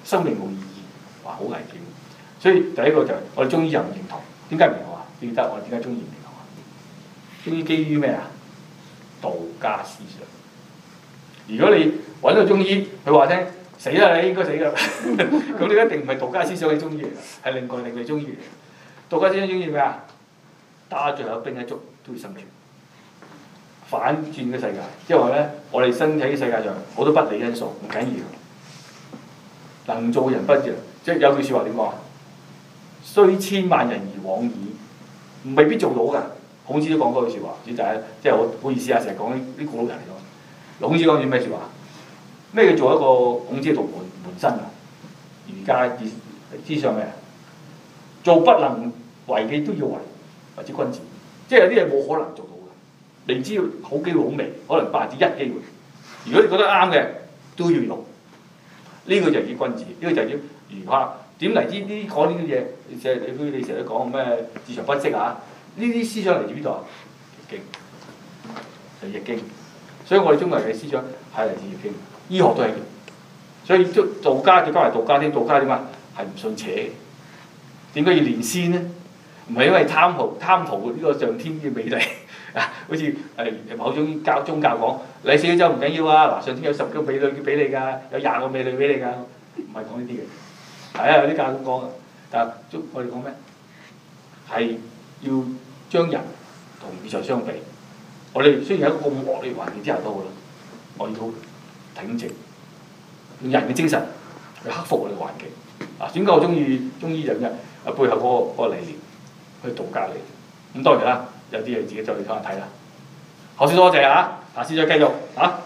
生命冇意義，話好危險。所以第一個就係我哋中醫又唔認同，點解唔認同啊？記得我哋點解中醫唔認同啊？中醫基於咩啊？道家思想。如果你揾到中醫，佢話你聽死啦，你應該死噶。咁 你一定唔係道家思想嘅中醫嚟，係另外另一個中醫嚟。道家思想中醫咩啊？打最後一兵一卒都要生存，反轉嘅世界。即係呢，我哋身體嘅世界上好多不利因素，唔緊要。能做人不一樣，即係有句説話點講？雖千萬人而往矣，未必做到㗎。孔子都講過句説話，主席即係我好，好意思啊，成日講啲啲古老人嚟講。孔子講住咩？説話？咩叫做一個孔子獨門門生啊？儒家哲思想咩啊？做不能為嘅都要為，或者君子。即係有啲嘢冇可能做到嘅，只要好機會好微，可能百分之一機會。如果你覺得啱嘅，都要用。呢、這個就叫君子，呢、這個就叫儒家。點嚟呢啲講呢啲嘢？即係你，你成日都講咩自強不息啊？呢啲思想嚟自邊度啊？《易經》，係《易經》。所以我哋中國人嘅思想係嚟自易經，醫學都係。所以中道家再加埋道家添，道家點啊？係唔信邪。點解要煉仙呢？唔係因為貪圖貪圖呢個上天嘅美麗啊？好似誒某種教宗教講，你死咗之後唔緊要啊！嗱，上天有十個美女要俾你㗎，有廿個美女俾你㗎，唔係講呢啲嘅。係啊，有啲教咁講嘅。但係中我哋講咩？係要將人同宇宙相比。我哋雖然喺個咁惡劣環境之下都好嘞，我要挺直人嘅精神去克服我哋嘅環境。嗱、啊，點解我中意中醫就咁啊，背後嗰個嗰個理念，去道教你。咁、啊、當然啦，有啲嘢自己再嚟睇睇啦。好，先多謝，謝啊，下次再繼續嚇。